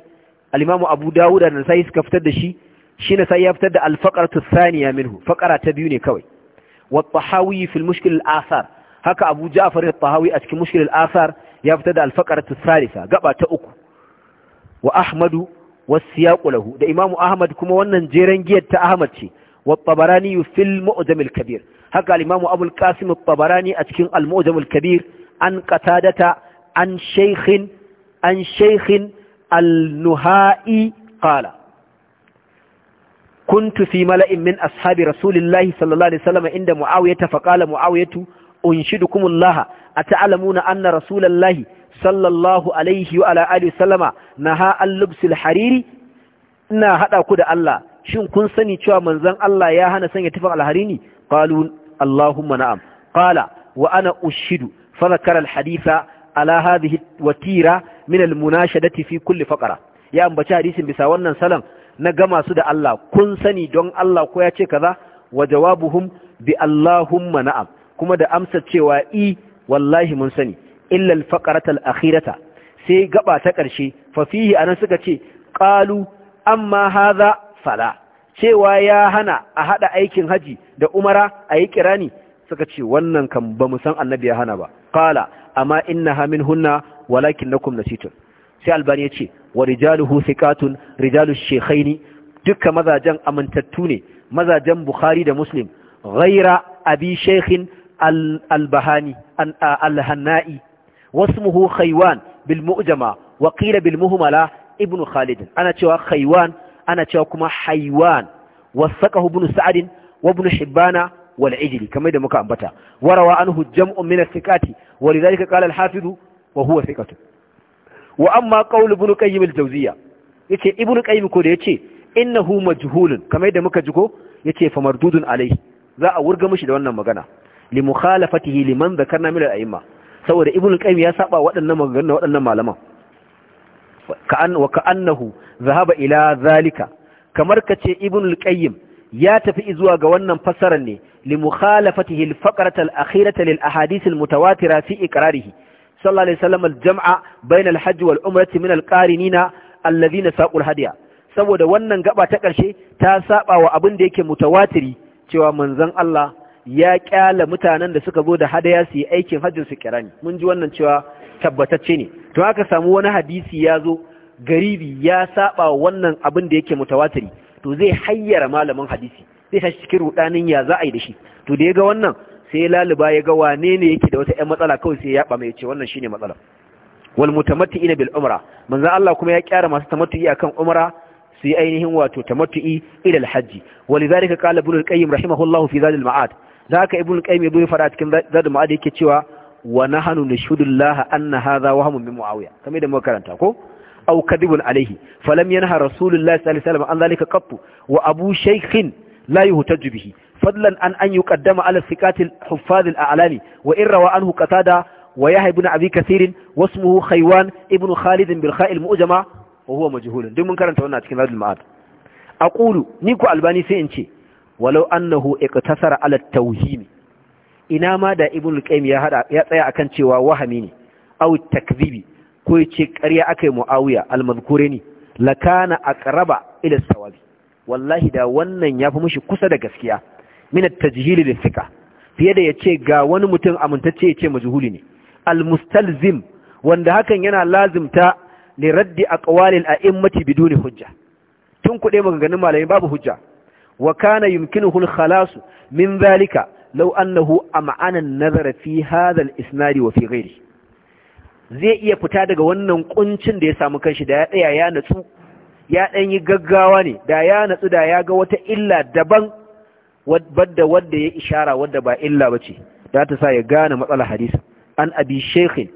al abu dawuda da nasa'i suka fitar da shi shi nasa'i ya fitar da al-faqratu thaniya minhu faqara ta biyu ne kawai wa tahawi fi al-mushkil al-athar haka abu ja'far al-tahawi a cikin mushkil al-athar ya fitar da al-faqratu thalitha gaba ta uku wa ahmadu wasiyaqu lahu da Imam'u ahmad kuma wannan jeren giyar ta ahmad ce wa tabarani fil mu'jam al-kabir haka al-imam abul qasim tabarani a cikin al-mu'jam al-kabir an qatadata an shaykhin an shaykhin al-nuha'i qala kuntu fi mala'in min ashabi rasulillahi sallallahu alaihi wasallam inda muawiyah fa qala muawiyah unshidukumullah ata'lamuna anna rasulallahi sallallahu alaihi wa ala alihi wasallama naha al-lubsil hariri ina hada ku da Allah shin kun sani cewa manzon Allah ya hana sanya tufan alharini qalu allahumma na'am qala wa ana ushidu fa dhakara alhaditha ala hadhihi watira min almunashadati fi kulli fakara, ya ambaci hadisin bisa wannan salon, na gama su da Allah kun sani don Allah ko ya ce kaza wa jawabuhum bi Allahumma na'am kuma da amsa cewa i wallahi mun sani illa al-faqrata al-akhirata sai gaɓa ta ƙarshe fa fihi anan suka ce ƙalu, amma haza, faɗa, cewa ya hana a haɗa aikin haji da umara ayi kirani suka ce wannan kan mu san annabi ya hana ba qala amma hamin hunna walakin na lakum nasitun sai albani ce wa rijaluhu thiqatun rijalu ne duka mazajen amintattu ne mazajen bukhari da muslim ghaira abi shaykhin al-bahani Wasu muhu wasmuhu khaywan bil waƙila wa qila ibn khalid ana cewa haiwan ana cewa kuma haiwan wasaqahu ibn sa'd wa ibn shibbana wal ijli kamar da muka ambata warawa anhu jam'un min as-sikati walidhalika qala al-hafiz wa huwa sikatu wa amma qaul ibn qayyim al-jawziyya yace ibn qayyim ko da yace innahu majhulun kamar da muka jigo yace fa mardudun alayhi za a wurga mishi da wannan magana li mukhalafatihi liman na min al-a'imma saboda ibn qayyim ya saba waɗannan waɗannan malaman wa ka'annahu zahaba ila zalika kamar kace ibn qayyim ya tafi zuwa ga wannan fassarar ne li mukhalafati al-faqrat akhirata lil ahadith al-mutawatira fi iqrarihi sallallahu alaihi wasallam al-jam'a bayna al-hajj wal umrati min al-qarinina alladhina saqu al-hadiya saboda wannan gaba ta karshe ta saba wa abin da yake mutawatiri cewa manzon Allah ya kyala mutanen da suka zo da hadaya su yi aikin hajjin su kirani mun ji wannan cewa tabbatacce ne to haka samu wani hadisi ya zo garibi ya saba wannan abin da yake mutawatiri to zai hayyara malamin hadisi zai tashi cikin rudanin ya za a yi da shi to da ya ga wannan sai laluba ya ga wane ne yake da wata ƴan matsala kawai sai ya yaba mai ce wannan shine matsala wal ina bil umra manzo Allah kuma ya kyara masu tamattu'i akan umra su yi ainihin wato tamattu'i ila al hajji walizalika qala ibn al qayyim rahimahullahu fi zadil ma'ad zaka ibn al qayyim ibn fara cikin zadil ma'ad yake cewa wa nahnu nashhudu Allah anna hadha wahmun min muawiya kamar da muka karanta ko aw kadibun alaihi falam yanha rasulullahi sallallahu alaihi wasallam an wa abu shaykhin la yuhtaju bihi fadlan an an kaddama ala thiqatil huffaz al a'lami wa in rawa anhu qatada wa yahya ibn abi kathir wasmuhu khaywan ibn khalid bil kha'il mu'jama wa duk mun karanta wannan a cikin ni ku albani sai in ce walau annahu iqtasara ala tauhimi ina ma da ibn al ya hada ya tsaya akan cewa wahami ne aw takzibi ko ya ce ƙarya aka yi mu'awiya almazkure ne lakana aqraba ila sawabi wallahi da wannan yafi mushi kusa da gaskiya min ta tajhil da fiqh fiye da yace ga wani mutum amintacce yace majhuli ne al wanda hakan yana lazimta ne raddi aqwalil a'immati biduni hujja tun kuɗe maganganun malamai babu hujja wa kana yumkinuhu al-khalas min zalika law annahu a ma'anan nazara fi hadha al wa fi zai iya fita daga wannan kuncin da ya samu kanshi da ya tsaya ya natsu ya ɗan yi gaggawa ne da ya natsu da ya ga wata illa daban wadda wadda ya ishara wadda ba illa ba ce da ta sa ya gane matsala hadisa an abi shekhin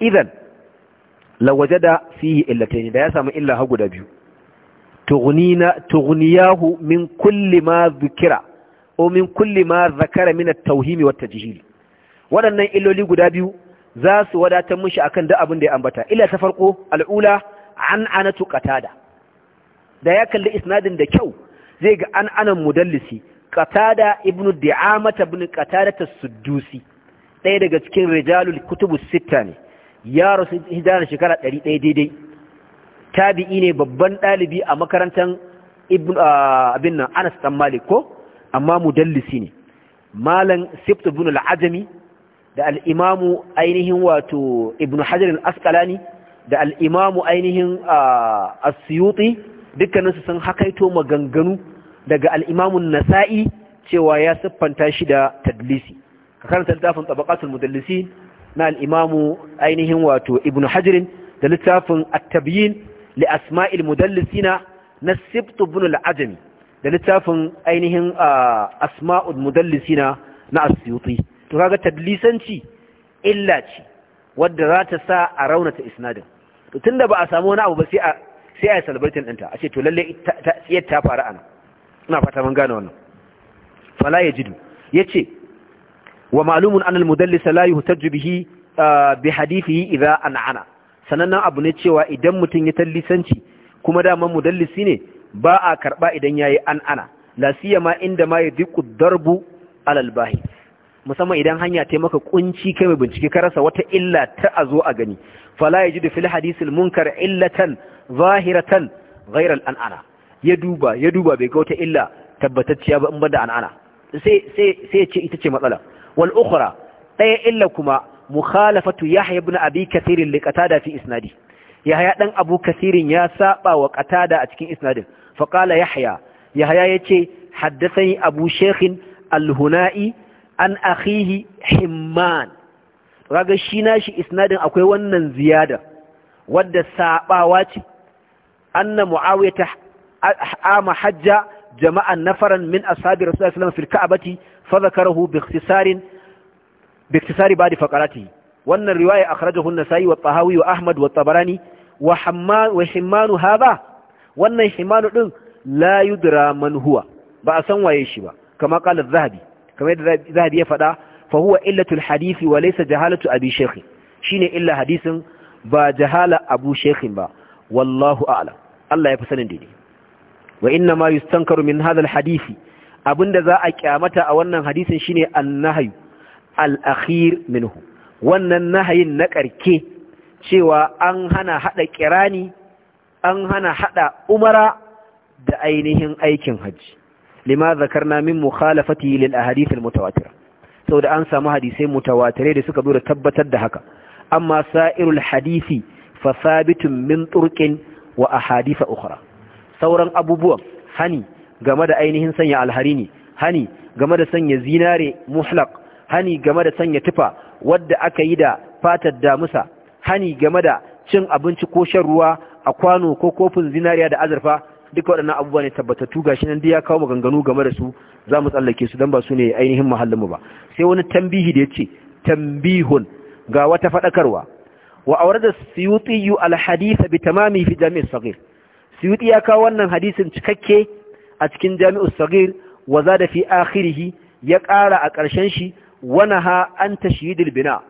idan lawaje da fiye illatai da ya samu illa ha guda biyu tughniyahu min kulli ma zikira o min kulli ma zakara mina tauhimi wata jihili waɗannan illoli guda biyu za su wadatar mushi akan duk abin da ya ambata Ila ta farko al'ula an anatu qatada da ya kalli isnadin da kyau zai ga an anan mudallisi qatada ibnu di'amata ibn qatada as-suddusi ɗaya daga cikin rijalul kutubu sitta ne ya rasu hijira shekara 100 daidai tabi'i ne babban dalibi a makarantar ibn abin nan Anas dan Malik ko amma mudallisi ne malam Sibt ibn al-Ajami da al'imamu ainihin wato ibn hajar Askalani, da al'imamu ainihin asiyuti dukkaninsu sun hakaito maganganu daga al'imamun nasa'i cewa ya siffanta shi da tadlisi ka karanta littafin tabakatul mudallisi na al'imamu ainihin wato ibn hajirin da littafin attabiyin li asma'il mudallisina na sibtu bin al'ajami da littafin ainihin asma'ul mudallisina na asiyuti to kaga tadlisanci illa ce wadda za ta sa a raunata isnadin to tunda ba a samu wani abu ba sai a sai a yi celebrating ɗinta a ce to lalle tsiyar ta faru ana ina fata mun gane wannan fala ya yace ya ce wa malumin anal mudallisa la yuhtaj bihi bi hadithihi idza an'ana sanannen abu ne cewa idan mutum ya tallisanci kuma da man mudallisi ne ba a karba idan yayi an'ana la siyama inda ma yadiqu darbu alal bahi musamman idan hanya ta maka kunci kai mai bincike ka rasa wata illa ta a zo a gani fala yajidu fili hadisil munkar illatan zahiratan ghayra al an'ana ya duba ya duba bai ga wata illa tabbatacciya ba in bada an'ana sai sai ce ita ce matsala wal ukhra ɗaya illa kuma mukhalafatu yahya ibn abi kathir li qatada fi isnadi yahya dan abu kathirin ya saba wa qatada a cikin isnadin fa qala yahya yahya yace haddathani abu shaykhin al-hunai an akhihi himman kaga shi nashi isnadin akwai wannan ziyada wadda sabawa ce anna muawiya ta ama hajja jama'an nafaran min ashabi rasulullahi sallallahu alaihi wasallam fil ka'bati fa zakarahu bi ikhtisarin bi ikhtisari ba'd faqaratihi wannan riwaya akhrajahu an-nasa'i wa tahawi wa ahmad wa tabarani wa hamman wa himmanu hadha wannan himmanu din la yudra man huwa ba a san waye shi ba kama qala zahabi kamar yadda zahabi ya faɗa fa huwa illatul hadisi wa laysa jahalatu abi shaykh shine illa hadisin ba jahala abu shaykh ba wallahu a'lam Allah ya fi sanin dai wa inna ma yustankaru min hadha hadisi abinda za a kyamata a wannan hadisin shine annahyu al akhir minhu wannan nahayin na karke cewa an hana hada kirani an hana hada umara da ainihin aikin hajji lima zakarna min mukhalafati lil ahadith al mutawatir saboda an samu hadisai mutawatirai da suka zo da tabbatar da haka amma sa'irul hadisi fa sabitun min turqin wa ahadith ukhra sauran abubuwan hani game da ainihin sanya alharini hani game da sanya zinare muhlaq hani game da sanya tufa wadda aka yi da fatar damusa hani game da cin abinci ko shan ruwa a kwano ko kofin zinariya da azurfa duka waɗannan abubuwa ne tabbatattu gashi nan dai ya kawo maganganu game da su za mu tsallake su don ba su ne ainihin mahallinmu ba sai wani tambihi da ya ce tambihun ga wata faɗakarwa wa aure da suyuti al alhadisa bi tamami fi jami'ar sagir suyuti ya kawo wannan hadisin cikakke a cikin jami'ar sagir wa za da fi akhirihi ya ƙara a ƙarshen shi wana ha an tashidil bina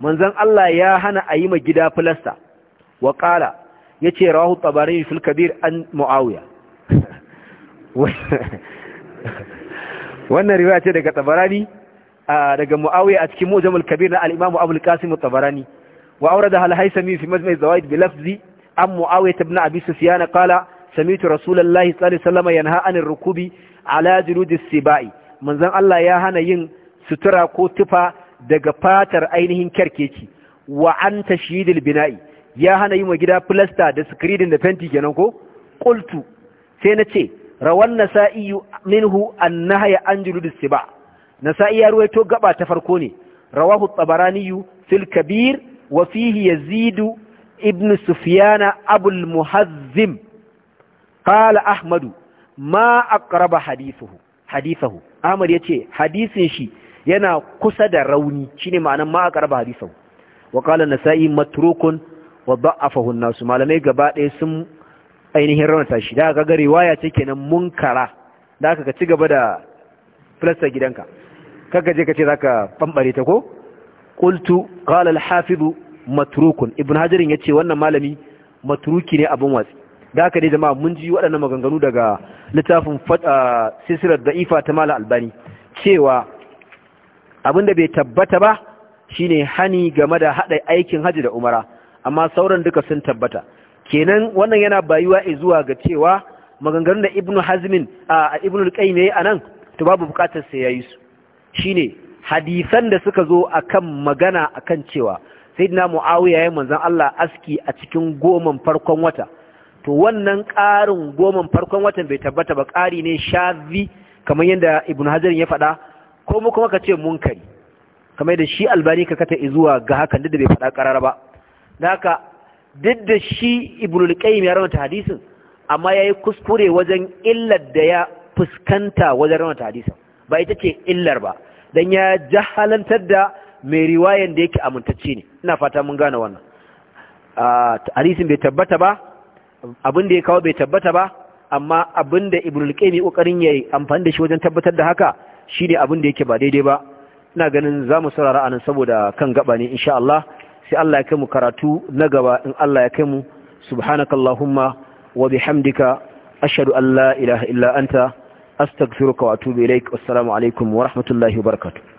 Manzan Allah ya hana a yi ma gida filasta wa ƙala ya ce rahu tabari fil kabir an mu'awiya wannan riwaya ce daga tabarani daga muawiya a cikin mujamul kabir na al-imam abul qasim tabarani wa awrada al-haythami fi majma' zawaid bi lafzi an muawiya ibn abi sufyan qala sami'tu rasulullahi sallallahu yanha rukubi ala juludi sibai manzon Allah ya hana yin sutura ko tufa daga fatar ainihin kerkeci wa an tashyidil bina'i ya hana yi wa gida filasta da sikiridin da fenti kenan ko qultu sai na ce rawan nasa'i minhu annahaya an juludus siba nasa'i ya ruwaito gaba ta farko ne rawahu Tsabaraniyu fil kabir wa fihi yazidu ibn Sufiyana abul muhazzim kala ahmadu ma a ƙaraba hadisahu, ahmad ya ce hadisin shi yana kusa da rauni shine ma'anar ma ƙaraba hadisahu, wa kala nasa'i matrukun wa a an-nas malamai gaba ɗaya sun ainihin raunata shi da aka gari waya ce kenan munkara da aka ka ci gaba da filasta gidanka Karka je ka ce za ka fambare ta ko ƙultu ƙalal hafizu maturukun Ibn hajjirin ya ce wannan malami maturuki ne abin watsi da aka dai jama'a mun ji waɗannan maganganu daga littafin da da'ifa ta mala albani cewa abin da bai tabbata ba shine hani game da haɗa aikin hajji da umara amma sauran duka sun tabbata kenan wannan yana bayuwa zuwa ga cewa maganganun da ibnu hazmin a ibnu al-qayyim yayi anan to babu bukatar sai yayi su shine hadisan da suka zo akan magana akan cewa sayyidina muawiya yayin manzon Allah aski a cikin goman farkon wata to wannan ƙarin goman farkon watan bai tabbata ba ƙari ne shazi kamar yadda ibnu hajar ya faɗa ko mu kuma ka ce munkari kamar da shi albani ka kata zuwa ga hakan duk da bai faɗa karara ba da duk da shi ibnul qayyim ya rawaita hadisin amma yayi kuskure wajen illar da ya fuskanta wajen rawaita hadisin ba ita ce illar ba dan ya jahalantar da mai riwayan da yake amintacce ne ina fata mun gane wannan hadisin bai tabbata ba abin da ya kawo bai tabbata ba amma abin da qayyim ya kokarin yayi amfani da shi wajen tabbatar da haka shine abin da yake ba daidai ba ina ganin za zamu saurara anan saboda kan gaba ne insha Allah sai Allah ya kai mu karatu na gaba in Allah ya kai mu subhanakallahumma wa bihamdika ashhadu an la ilaha illa anta astaghfiruka wa atubu ilaik assalamu alaikum wa rahmatullahi wa barakatuh